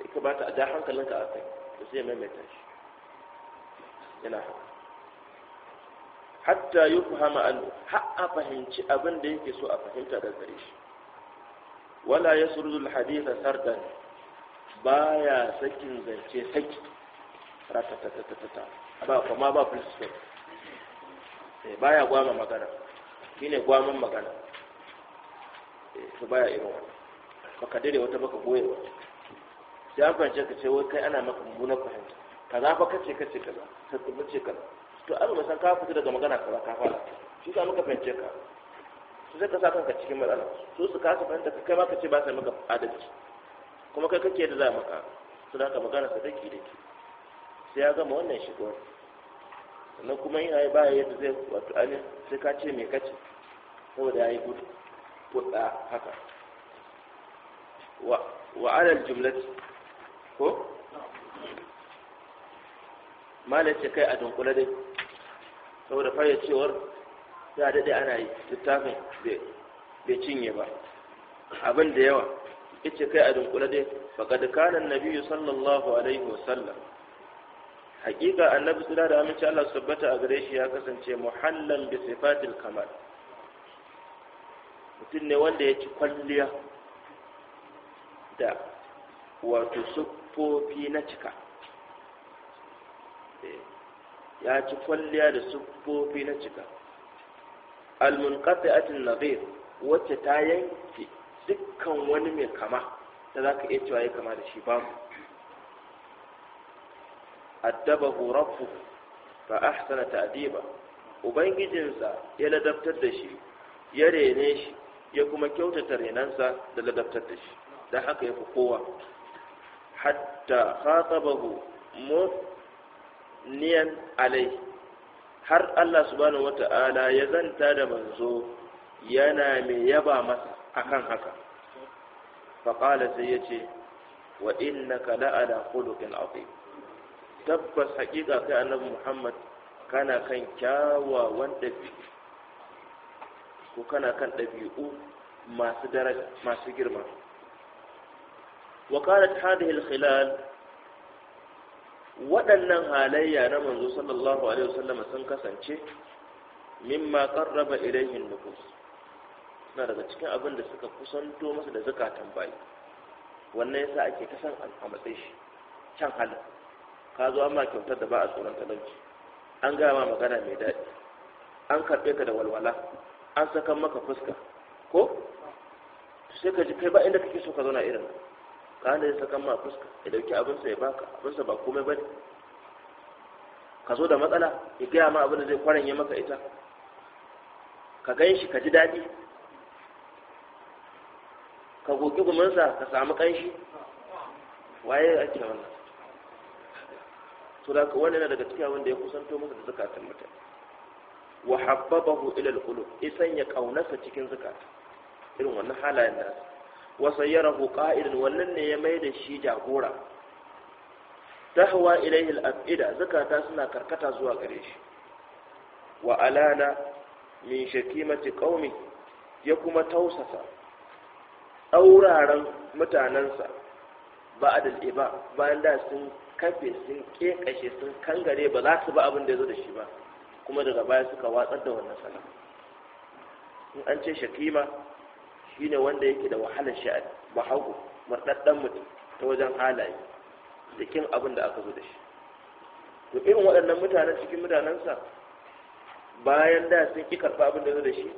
ya kamata a ja hankalinka a kai da sai ya maimaita shi yana haka hatta yi fahama hama har a fahimci abin da yake so a fahimta da gare shi wala ya surzu haditha sardan baya sakin zance saki ratatatatata ba kuma ba fulstop Eh, baya gwama magana shine gwaman magana eh, to baya irin wannan baka dare wata baka goye wata sai an fahimci ka ce wai kai ana maka mummunar fahimta za fa kace kace kaza sai kuma ce kaza to an ba san ka fita daga magana ka ba ka fara shi ka muka fahimce ka su sai ka sa kanka cikin matsala su su kasa fahimta ka kai ma ka ce ba sai maka adalci kuma kai kake da za maka su da ka magana sa daki daki sai ya gama wannan shigo sannan kuma yin ayi baya yadda zai wato ainihin sai ka ce mai kace saboda ya yi gudu kuɗa haka wa alal jumlati ko malace kai a dunkule dai saboda cewar ya daɗe ana yi littafin bai cinye ba abin da yawa ita kai a dunkule dai faƙad kanan nabiyu sallallahu alaihi wasallam hakika annabi suna da aminci Allah su tabbata a gare shi ya kasance muhallan bi sifatil kamal mutum ne wanda ya ci kwalliya da wato sufofi na cika eh, ya ci kwalliya da sufofi na cika almunqati'atin nabir wacce ta yanke dukkan wani mai kama da zaka iya cewa ya kama da shi babu addabahu rabbu fa ahsana ta'diba ubangijinsa ya ladabtar da shi ya rene shi ya kuma kyautata renansa da ladabtar da shi da haka ya kowa hatta khatabahu niyan alai har Allah subhanahu wata'ala ya zanta da manzo yana mai yaba masa akan haka faƙala sai yace wa innaka la'ala khuluqin azim tabbas hakika kai annabi muhammad kana kan kyawawan ɗabi'u ko kana kan ɗabi'u masu daraja masu girma wakalat hadhihi da khilal waɗannan halayya na manzo sallallahu alaihi wasallam sun kasance mimma qarraba ilayhi an-nufus suna daga cikin abin da suka kusanto masa da zakatan bayi wannan yasa ake ta san a matsayi shi can halin ka zo an ma kyautar da ba a tsoron talauci an gaya ma magana mai daɗi an karɓe ka da walwala an saka maka fuska ko sai ka ji kai ba inda kake so ka zauna irin ka hana yin saka ma fuska ya ɗauki abinsa ya baka abinsa ba komai ba ne ka zo da matsala ya gaya ma abin da zai kwaranye maka ita ka gan shi ka ji daɗi ka goge gumansa ka samu ƙanshi waye ake wannan to da ka wannan daga cikin abin da ya kusanto masa da zakatun mutane wa habbabahu ila alqulub isan ya kaunasa cikin zakata. irin wannan halayen da wa sayyarahu qa'idan wannan ne ya mai da shi jagora tahwa ilayhi al-afida zakata suna karkata zuwa gare shi wa alana min shakimati qaumi ya kuma tausasa auraran mutanansa ba al-iba bayan da sun kafe sun kashe sun kangare ba za su ba abin da ya zo da shi ba kuma daga baya suka watsar da wannan sana in an ce shakima shine wanda yake da wahalar ba bahago mardaddan mutum ta wajen halaye da kin abin da aka zo da shi to irin waɗannan mutanen cikin mutanensa bayan da sun ki karɓa abin da zo da shi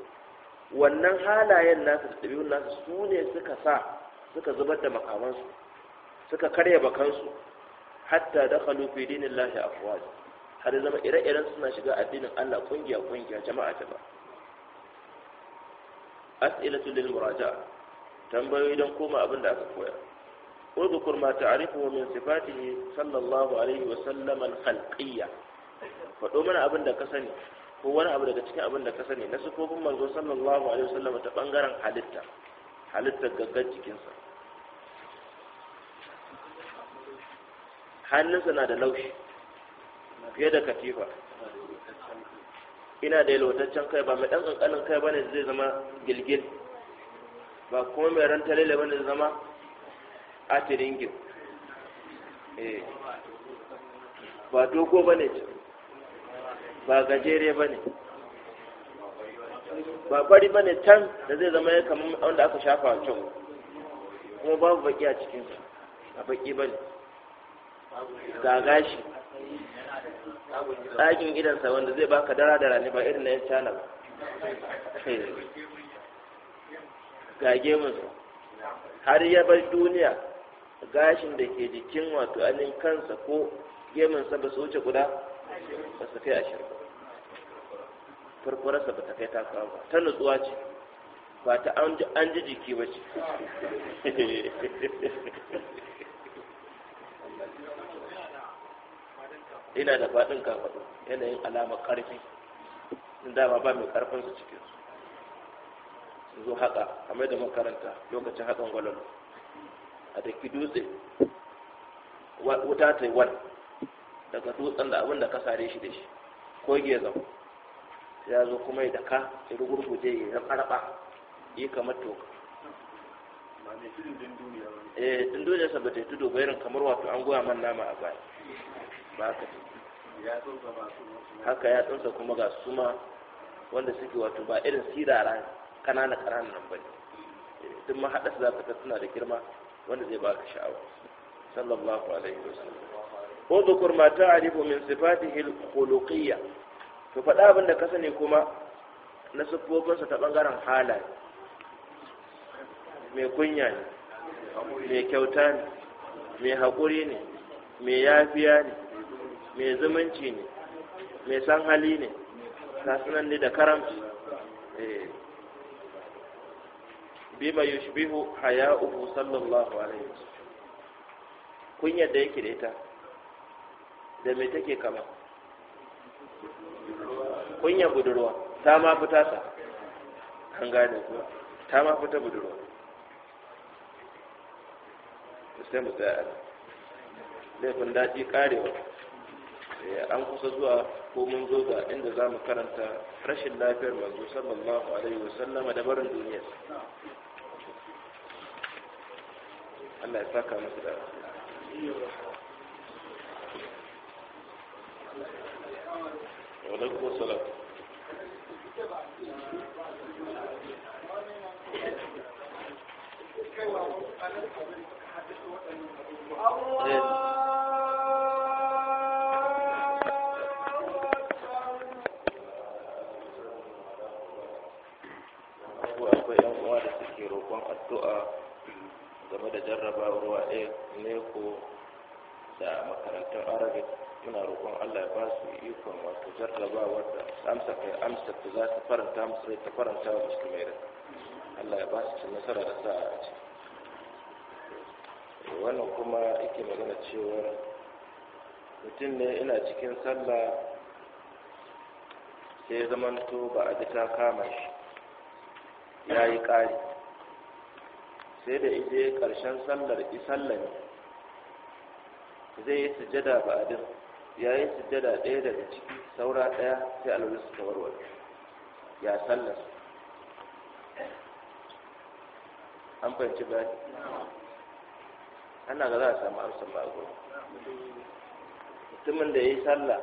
wannan halayen nasu da ɗabi'un nasu su ne suka sa suka zubar da makamansu suka karya bakansu hatta dakhalu fi dinillahi afwaj har zama ire-iren suna shiga addinin Allah kungiya kungiya jama'a ta jama'a as'ilatu lil muraja'a tambayoyi don koma abin da aka koya udhkur ma ta'rifu min sifatihi sallallahu alaihi wa sallam al khalqiyya fado mana abin da ka sani ko wani abu daga cikin abin da ka sani na sifofin manzo sallallahu alaihi wa sallam ta bangaren halitta halittar gaggar jikinsa hannunsa na da laushi fiye da katifa ina da lotaccen kai ba mai ɗan ƙanƙanin kai ba ne zai zama gilgil ba kuma mai ran talele ba ne zai zama atirin gil eh, ba dogo ba ne ba gajere ba ne ba fari ba ne can da zai zama ya kamar wanda aka shafa a can kuma babu baki a cikinsa a baki ba ne ga gashi tsakin idansa wanda zai baka dara da rani ba irin na yan cana ba ga gemunsa har ya bar duniya gashin da ke jikin wato anin kansa ko gemunsa ba su wuce guda ba su kai ashirin farkwararsa ba ta kai ta kawo ba ta nutsuwa ce ba ta an ji jiki ba ce ina da faɗin kafaɗo yanayin alamar ƙarfi in dama ba mai ƙarfin su cikin su zo haka a mai da makaranta lokacin haɗin gwalalo a da ki dutse wuta ta yi wani daga dutsen da abinda ka sare shi da shi ko zan ya zo kuma da ka ya yi ya raɓa yi kamar toka eh tun duniya sabbata ya tudu bayan kamar wato an goya man nama a baya ba ka ce haka ya tsunsa kuma ga suma wanda suke wato ba irin sirara kanana kananan nan bane duk mahaɗa su za ka suna da girma wanda zai baka sha'awa sallallahu alaihi wasallam ko zukur ma ta'rifu min sifatihi al to faɗa abin da ka sani kuma na siffofinsa ta ɓangaren halaye mai kunya ne mai kyauta ne mai haƙuri ne mai yafiya ne mai zumunci ne mai san hali ne sasunan ne da karamci eh. bima yushbihu haya'uhu sallallahu alaihi wasallam kunyar da yake da ita da mai take kama kunya budurwa ta ma fita ta an gane kuma ta ma fita budurwa sai mu tsaya laifin daji karewa Eh, an kusa zuwa ko mun zo ga inda za mu karanta rashin lafiyar manzo sallallahu alaihi wasallama da barin duniya Allah ya saka musu da Allah addu'a game da ruwa a neko da makarantar arabic muna roƙon allah ya ba su ikon wato jarraba da amsa kai amsa za ta faranta musu rai ta faranta wa musulmai rai allah ya ba su cin nasara da sa a ce wannan kuma ake magana cewa mutum ne ina cikin sallah sai zamanto ba a ta kama shi ya yi ƙari sai da ije karshen sallar isallar zai yi sujada ba a din ya yi sujada ɗaya daga ciki saura ɗaya sai alwis ta warware ya sallar an fahimci bayani ana ga za a samu amsa ba a mutumin da ya yi salla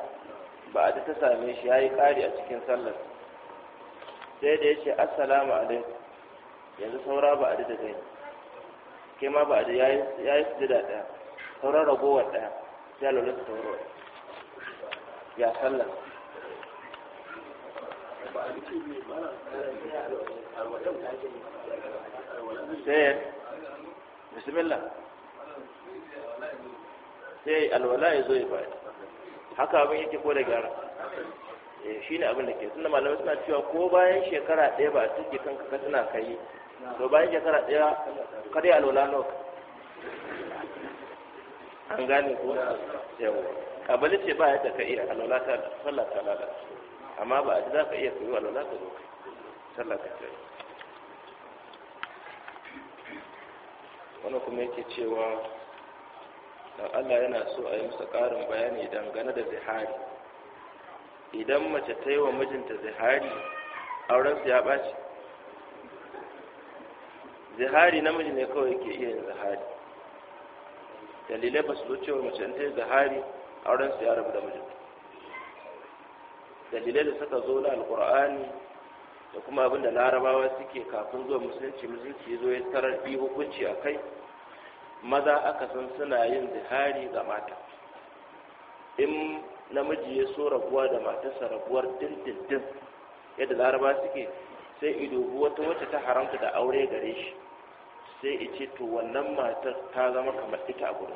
ba a ta same shi ya yi ƙari a cikin sallar sai da ya ce assalamu alaikum yanzu saura ba a da gani ke ma ba ya yi jida ɗaya sauran ragowar ɗaya ya lalata sauran ya sallah sai bismillah sai alwala ya zo ya baya haka abin yake ko da gyara eh, shi ne abin da ke suna malamai suna cewa ko bayan shekara ɗaya ba a cikin kanka ka tana kai to bayan shekara ɗaya kare a lola nok. an gane ko yawa kabali ce ba yadda ka iya lola ta sallah ta lalace amma ba a ji za ka iya a lola ta zo sallah ta yi wani kuma yake cewa dan Allah yana so a yi masa ƙarin bayani dangane da zihari idan mace ta yi wa mijinta zihari aurensu ya ɓaci zihari namiji ne kawai ke iya yin zihari dalilai ba su zo cewa mace ta yi zihari wurin su ya rabu da mijin dalilai da suka zo na alkur'ani da kuma abin da larabawa suke kafin zuwa musulunci musulunci zo ya tarar bi hukunci a kai maza aka san suna yin zihari ga mata in namiji ya so rabuwa da matarsa rabuwar dindindin yadda laraba suke sai ido wata wacce ta haramta da aure gare shi sai ce to wannan matar ta zama kamar ita a su.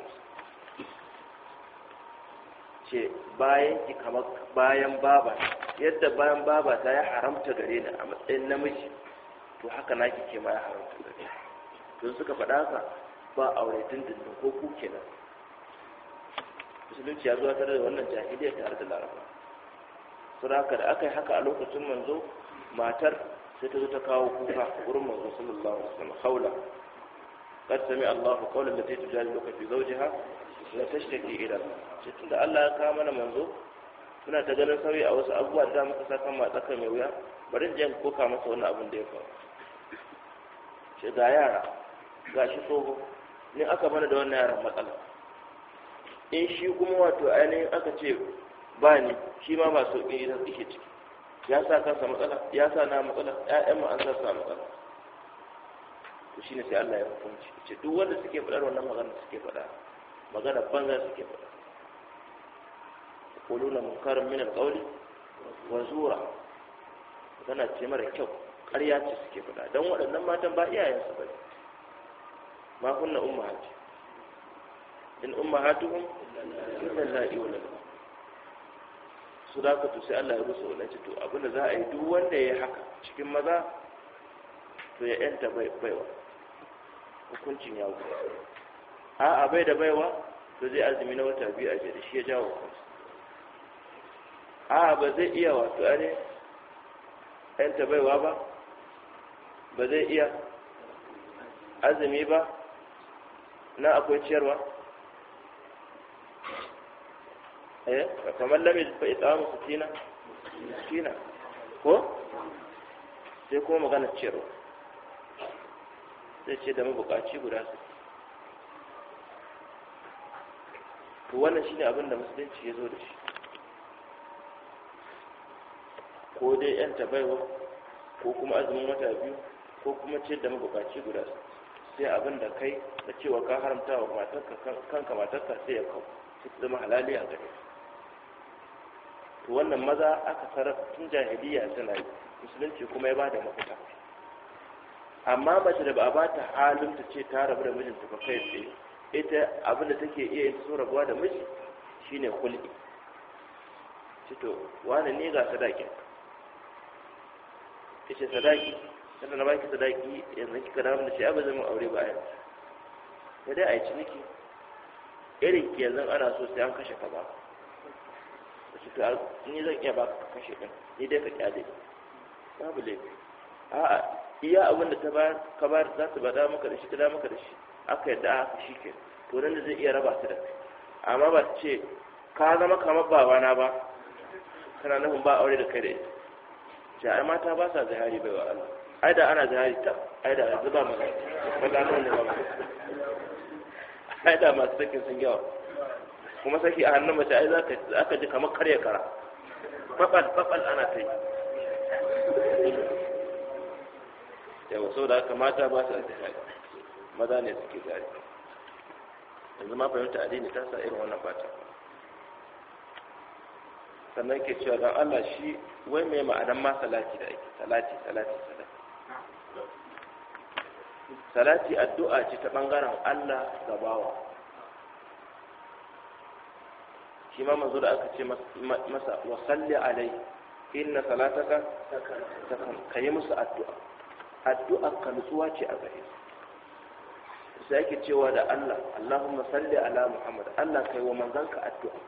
ce bayan ki kamar bayan baba yadda bayan baba ta ya haramta gare ni a matsayin namiji to haka na ke ma ya haramta gare to suka faɗa ka ba aure dindindin ko kuke nan. musulunci ya zuwa tare da wannan jahiliya tare da laraba Su haka da aka yi haka a lokacin manzo matar sai ta zo ta kawo kuka gurin manzo sallallahu alaihi wasallam haula قد سمع الله قول التي تجادلك في زوجها لا تشتكي إلى شتun da Allah ya kawo mana manzo muna ta ganin sauyi a wasu abubuwa da muka saka ma tsaka mai wuya bari in je in koka masa wani abin da ya faru ce ga yara ga shi tsoho ni aka mana da wannan yaran matsala in shi kuma wato ainihin aka ce ba ni shi ma masu sauƙin ita suke ciki ya sa kansa matsala ya sa na matsala 'ya'yan ma an sa matsala to shine sai Allah ya hukunci ce duk wanda suke faɗar wannan magana suke faɗa magana banza suke faɗa yaquluna munkaran min alqawli wa zura kana ce mara kyau ƙarya ce suke faɗa dan waɗannan matan ba iyayensu bane ma kunna ummahati in ummahatuhum illa la'i wa la'i su da ka sai Allah ya rusa wani to abinda za a yi duk wanda ya yi haka cikin maza to ya yanta baiwa hukuncin ya wuce a bai da baiwa to zai azumi na wata biyu a jere shi ya jawo kansa a ba zai iya wato ane yanta baiwa ba ba zai iya azumi ba na akwai ciyarwa eh kamar lamin fa itsamu sitina sitina ko sai kuma magana ciyarwa sai ce da mabukaci guda su to wannan shine abin da musulunci ya zo da shi ko dai yan tabaiwa ko kuma azumin wata biyu ko kuma ce da mabukaci guda su sai abin da kai da cewa ka haramta wa matarka kanka matarka sai ya kawo sai zama halali a gare to wannan maza aka sarar tun jahiliya suna yi musulunci kuma ya ba da mafita amma mace da ba a ba ta halin ta ce ta rabu da mijinta ba kai tsaye ita abin da take iya yin so rabuwa da miji shine kulki cito wani ne ga sadaki? ta ce sadaki tana na baki sadaki yanzu kika damu da ce abin zama aure ba yanzu ya dai a yi ciniki irin ki yanzu ana so sai an kashe ka ba ta ni zan iya baka kashe ɗin ni dai ka kyade babu laifi a'a iya abin da ka ba za ta bada maka da shi ta da maka da shi aka yadda aka shi ke to nan da zai iya raba ta da kai amma ba ta ce ka zama kamar na ba kana nufin ba aure da kai da ita jami'ai mata ba sa zahari bai wa Allah ai da ana zahari ta ai da zuba mana da nan ne ba ai da masu sakin sun yawa kuma saki a hannun mace ai za ka ji kamar karya kara babal babal ana ta yi yawa da haka mata ba su itikadi maza ne suke gari yanzu ma fahimta addini ta sa irin wannan fata sannan ke cewa don Allah shi wai mai ma'anan ma salati da ake salati salati salati salati addu'a ce ta bangaren Allah da bawa shi ma manzo da aka ce masa wasalli alai inna salataka ta kan kayi musu addu'a addu'ar ka nutsuwa ce a gare su sai ke cewa da Allah Allahumma salli ala Muhammad Allah kai wa manzanka addu'a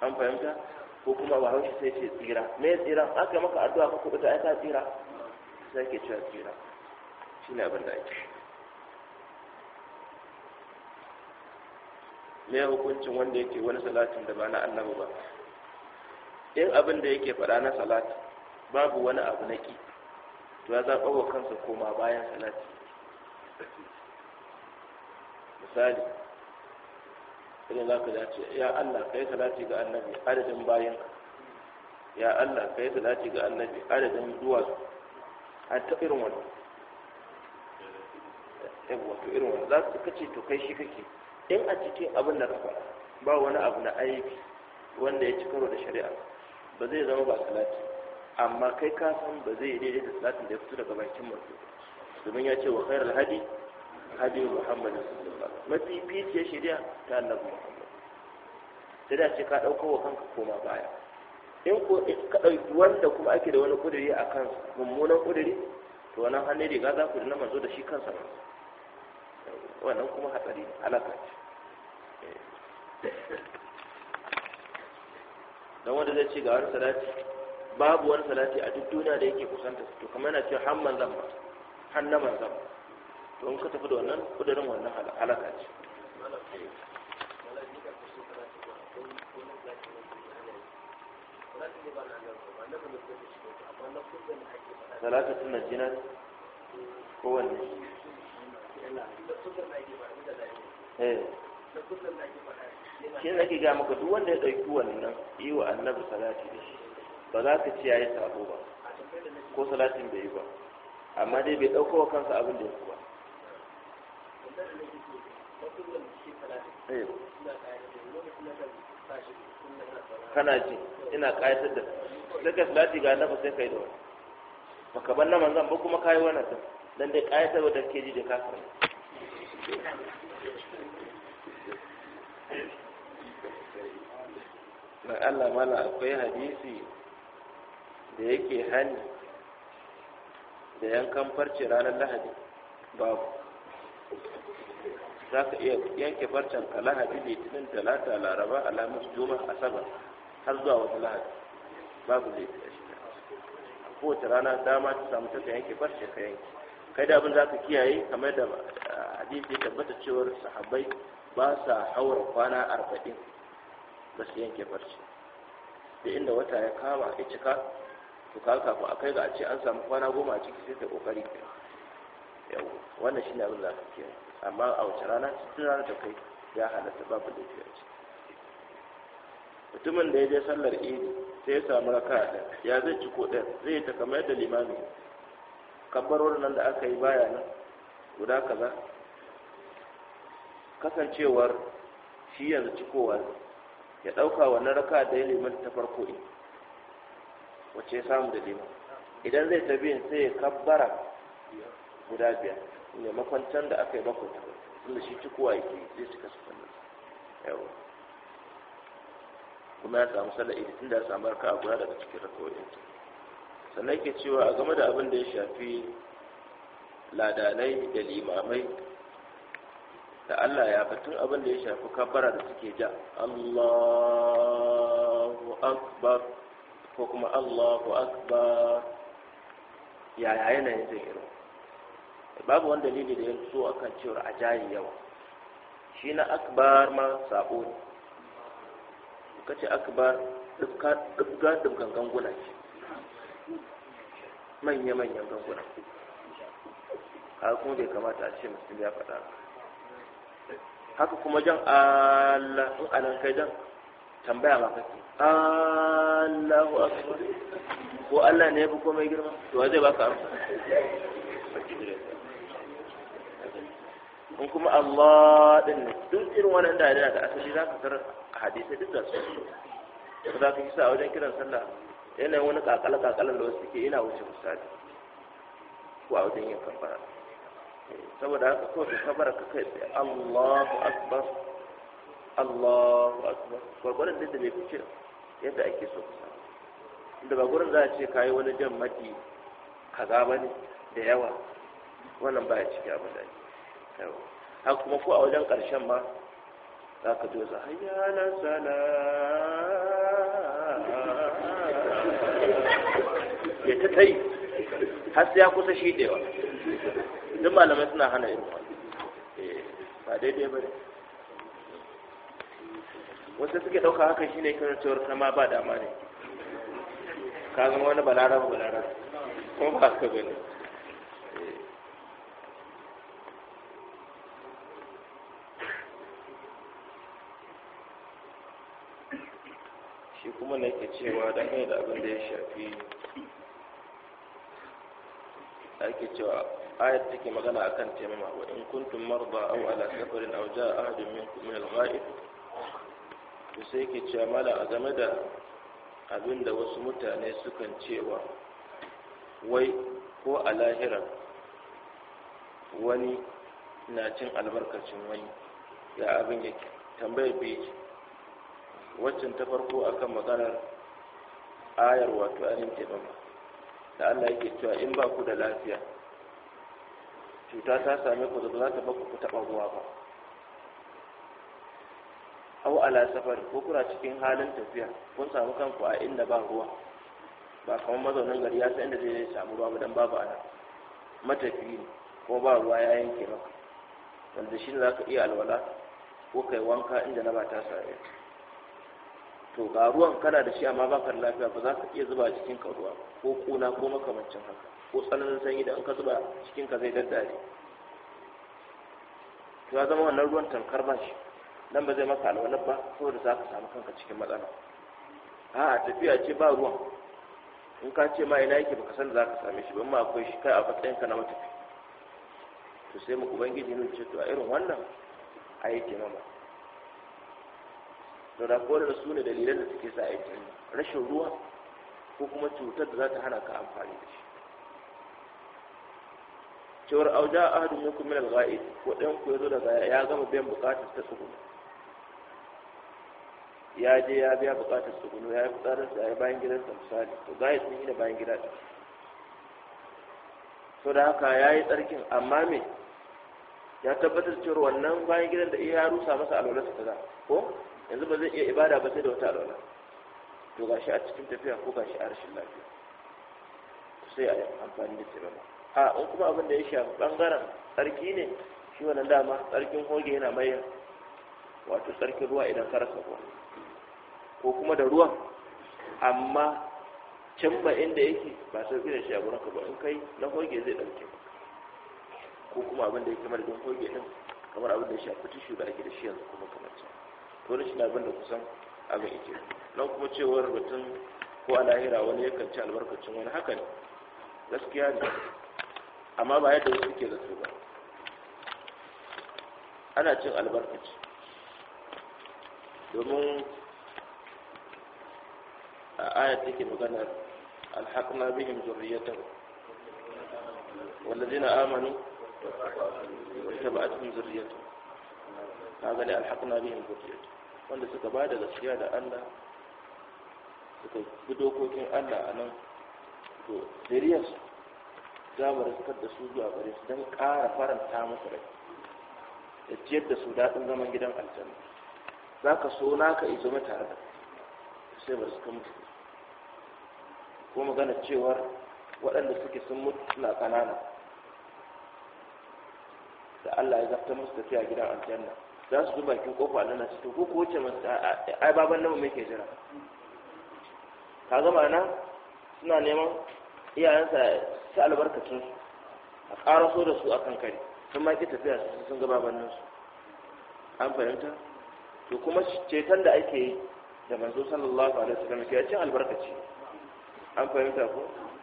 an fahimta ko kuma ba haushi sai ce tsira me tsira aka maka addu'a ka kubuta ta aika tsira sai ke cewa tsira shine abin da ake me hukuncin wanda yake wani salatin da ba na annabi ba in abin da yake faɗa na salat babu wani abu na ki to ya zaɓa wa kansa koma bayan salati misali irin za ka dace ya allah ka yi salati ga annabi adadin bayan ya allah ka yi salati ga annabi adadin duwatsu a ta irin wani yabuwa to irin wani za ka kace to kai shi kake in a cikin abin da rafa ba wani abu na aiki wanda ya ci karo da shari'a ba zai zama ba salati amma kai ka san ba zai daidai da salatin da ya fito daga bakin mutu domin ya ce wa khairal hadi hadi muhammadin sallallahu alaihi wasallam mafi ficiyar shari'a ta annabi muhammad sai da ce ka dauko wa kanka koma baya in ko ka dauki wanda kuma ake da wani kudiri a kan mummunan kudiri to wannan hannun riga za ku na manzo da shi kansa wannan kuma hatsari alaka ce eh. dan wanda zai ce ga wani salati babu wani salati a duk duniya da yake kusanta to kamar yana cewa har manzan ba har na manzan to in ka tafi da wannan kudurin wannan halaka ce suna najinat kowanne eh. shi ne ake ga maka duk wanda ya ɗauki wannan yi wa annabi salati da shi ba za ka ce yayi sabo ba ko salatin bai yi ba amma dai bai dauko wa kansa abin da ya ba eh. kana ji ina kayatar da sai ka salati ga nafa sai kai da wani baka ban na zan ba kuma kai wannan din dan dai kayatar da ke ji da ka sani Allah mala akwai hadisi da yake hani da yankan farce ranar lahadi babu za ka iya yanke farcen ka lahadi litinin talata laraba alamus juma asabar har zuwa wata lahadi babu laifin a shida a kowace rana dama ta samu ta yanke farce ka yanke kai da abin za ka kiyaye kamar da ah, hadisi ya tabbata cewar sahabbai ba sa haura kwana arba'in ba su yanke farce da inda wata ya kama ya cika to ka kafin a kai ga a ce an samu kwana goma a ciki sai ta kokari yau wannan shi ne abin da aka kiyaye amma a wace rana cikin rana ta kai ya halatta babu laifi a ciki mutumin da ya je sallar idi sai ya samu raka da ya zai ci kodin zai ta kamar yadda limami kabbarorin nan da aka yi baya nan guda kaza kasancewar shi yanzu cikowa ya ɗauka wannan raka da ya limanta ta farko ne wacce ya samu da liman idan zai tabi sai ya kabbara guda biyar maimakon can da aka yi bakwai inda shi cikuwa yake zai cika su sallar yawa kuma ya samu sallar idi da ya samu arka a guda daga cikin rakawar sannan ke cewa a game da abin da ya shafi ladanai da limamai da Allah ya batun abin da ya shafi kabbara da suke ja Allahu akbar ko kuma allahu akbar yaya yanayin zai irin babu wani dalili da ya so akan cewar a jayi yawa shi na akbar ma sabo ne ka ce akbar dubga dubgan ganguna ce manya-manyan ganguna haka kuma bai kamata a ce musulmi ya faɗa haka kuma jan allah in anan kai jan tambaya ma kake Allahu akbar ko Allah ne ya fi komai girma to zai baka amsa in kuma Allah din ne duk irin wannan da da asali zaka tar hadisi duk da su ko za ka yi sa wajen kiran sallah Yana wani kakala kakala da wasu ke ina wuce misali ko a wajen yin kafara saboda haka ko ka kafara ka kai sai Allahu akbar Allahu akbar gwargwaron da bai fice yadda ake so kusa inda ba gurin za a ce kayi wani jan mati kaza ba ne da yawa wannan ba ya ciki abin da ne haka kuma ko a wajen ƙarshen ma za ka zo za hayyana sala ya ta tai har sai ya kusa shi da yawa duk malamai suna hana irin wani eh, ba daidai ba ne wasu suke ɗauka hakan shine kasancewar kama ba dama ne ka zama wani ba balara kuma ba ka gani shi kuma na ke cewa yi da abin da ya shafi ake cewa ayat take magana akan taimama wa in kuntum marda aw ala safarin aw jaa ahadun minkum min al-ghaib da sai ke cewa mala a game da abin da wasu mutane sukan cewa wai ko a lahira wani na cin albarkacin wani ya abin yake tambayar beji waccan ta farko akan maganar ayar wato ainihin ba. da allah yake cewa in ba ku da lafiya cuta ta same ku da za ta baku ku taɓa ruwa ba aw ala Safari ko kuna cikin halin tafiya kun samu kanku a inda ba ruwa ba kamar mazaunin gari ya san inda zai samu ruwa ba dan babu ana matafi ne ko ba ruwa ya yanke maka wanda shi ne za ka iya alwala ko kai wanka inda na ba ta sare to ga ruwan kana da shi amma baka da lafiya ba za ka iya zuba cikin ka ruwa ko kuna ko makamancin haka ko tsananin sanyi da in ka zuba cikin ka zai daddare to ya zama wannan ruwan tankar ba shi nan ba zai maka alwalar ba da za ka samu kanka cikin matsala a tafiya ce ba ruwan in ka ce ma ina yake baka san da za ka same shi ba ma akwai shi kai a matsayin ka na matafi to sai mu ubangiji nun ce to a irin wannan a yi ke mama da kowar da su ne dalilan da suke sa a rashin ruwa ko kuma cutar da za ta hana ka amfani da shi cewar auja ahadun minkum min al-gha'ib ko dan ku yazo daga ya gama biyan bukatar ta tsuguna ya je ya biya bukatar su ya yi fitsarinsa ya yi bayan gidansa misali to gayet sun yi da bayan gida ɗin so da haka ya yi tsarkin amma me ya tabbatar cewa wannan bayan gidan da iya rusa masa alwalarsa ta za ko yanzu ba zai iya ibada ba sai da wata alwala to gashi a cikin tafiya ko gashi a rashin lafiya sai a yi amfani da tsirama a in kuma abin da ya shafi bangaren tsarki ne shi wannan dama tsarkin hoge yana mayar? wato tsarkin ruwa idan ka rasa ruwa ko kuma da ruwan amma can ba inda yake ba sauƙi da shi a gurinka ba in kai na hoge zai ɗauke ko kuma abin da yake kamar don hoge ɗin kamar abin da ya shafi tishu da ake da shi yanzu kuma kamar can to rashin abin da kusan abin yake nan kuma cewar batun ko a lahira wani yakan ci albarkacin wani haka ne gaskiya ne amma ba yadda wasu ke zato ba ana cin albarkaci domin a ayat take magana alhaqna bihim zurriyatahum والذين آمنوا واتبعتهم ذريتهم kaga dai alhaqna bihim zurriyatu wanda suka ba da gaskiya da Allah suka bi dokokin Allah a nan to zuriyar za mu riskar da su zuwa bare su don ƙara faranta musu rai da ciyar da su daɗin zaman gidan aljanna za ka so naka izo mata sai ba su kan musu ko magana cewar waɗanda suke sun mutu suna ƙanana da Allah ya zafta musu tafiya gidan aljanna za su zuba bakin kofa aljanna su ko ko wuce masu ai baban namu mai ke jira ka gama na suna neman iyayensa su albarkacin su a ƙaraso da su a kan kare sun ma ki tafiya su sun ga babannin su an fahimta to kuma ceton da ake yi da manzo sallallahu alaihi wasallam ke cin albarkaci an fahimta ko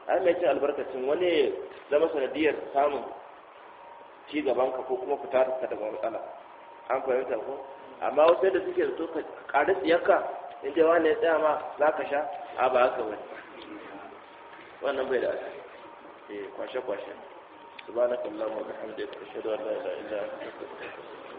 ai mai cin albarkacin wani zama sanadiyar samun ci gaban ka ko kuma fita da daga matsala an fahimta ko amma wata da suke da toka ƙari tsiyarka in dai wani ya tsaya ma za ka sha a ba haka wani wannan bai da ake eh, kwashe-kwashe subhanakallahumma wa bihamdika ashhadu an la ilaha illa anta astaghfiruka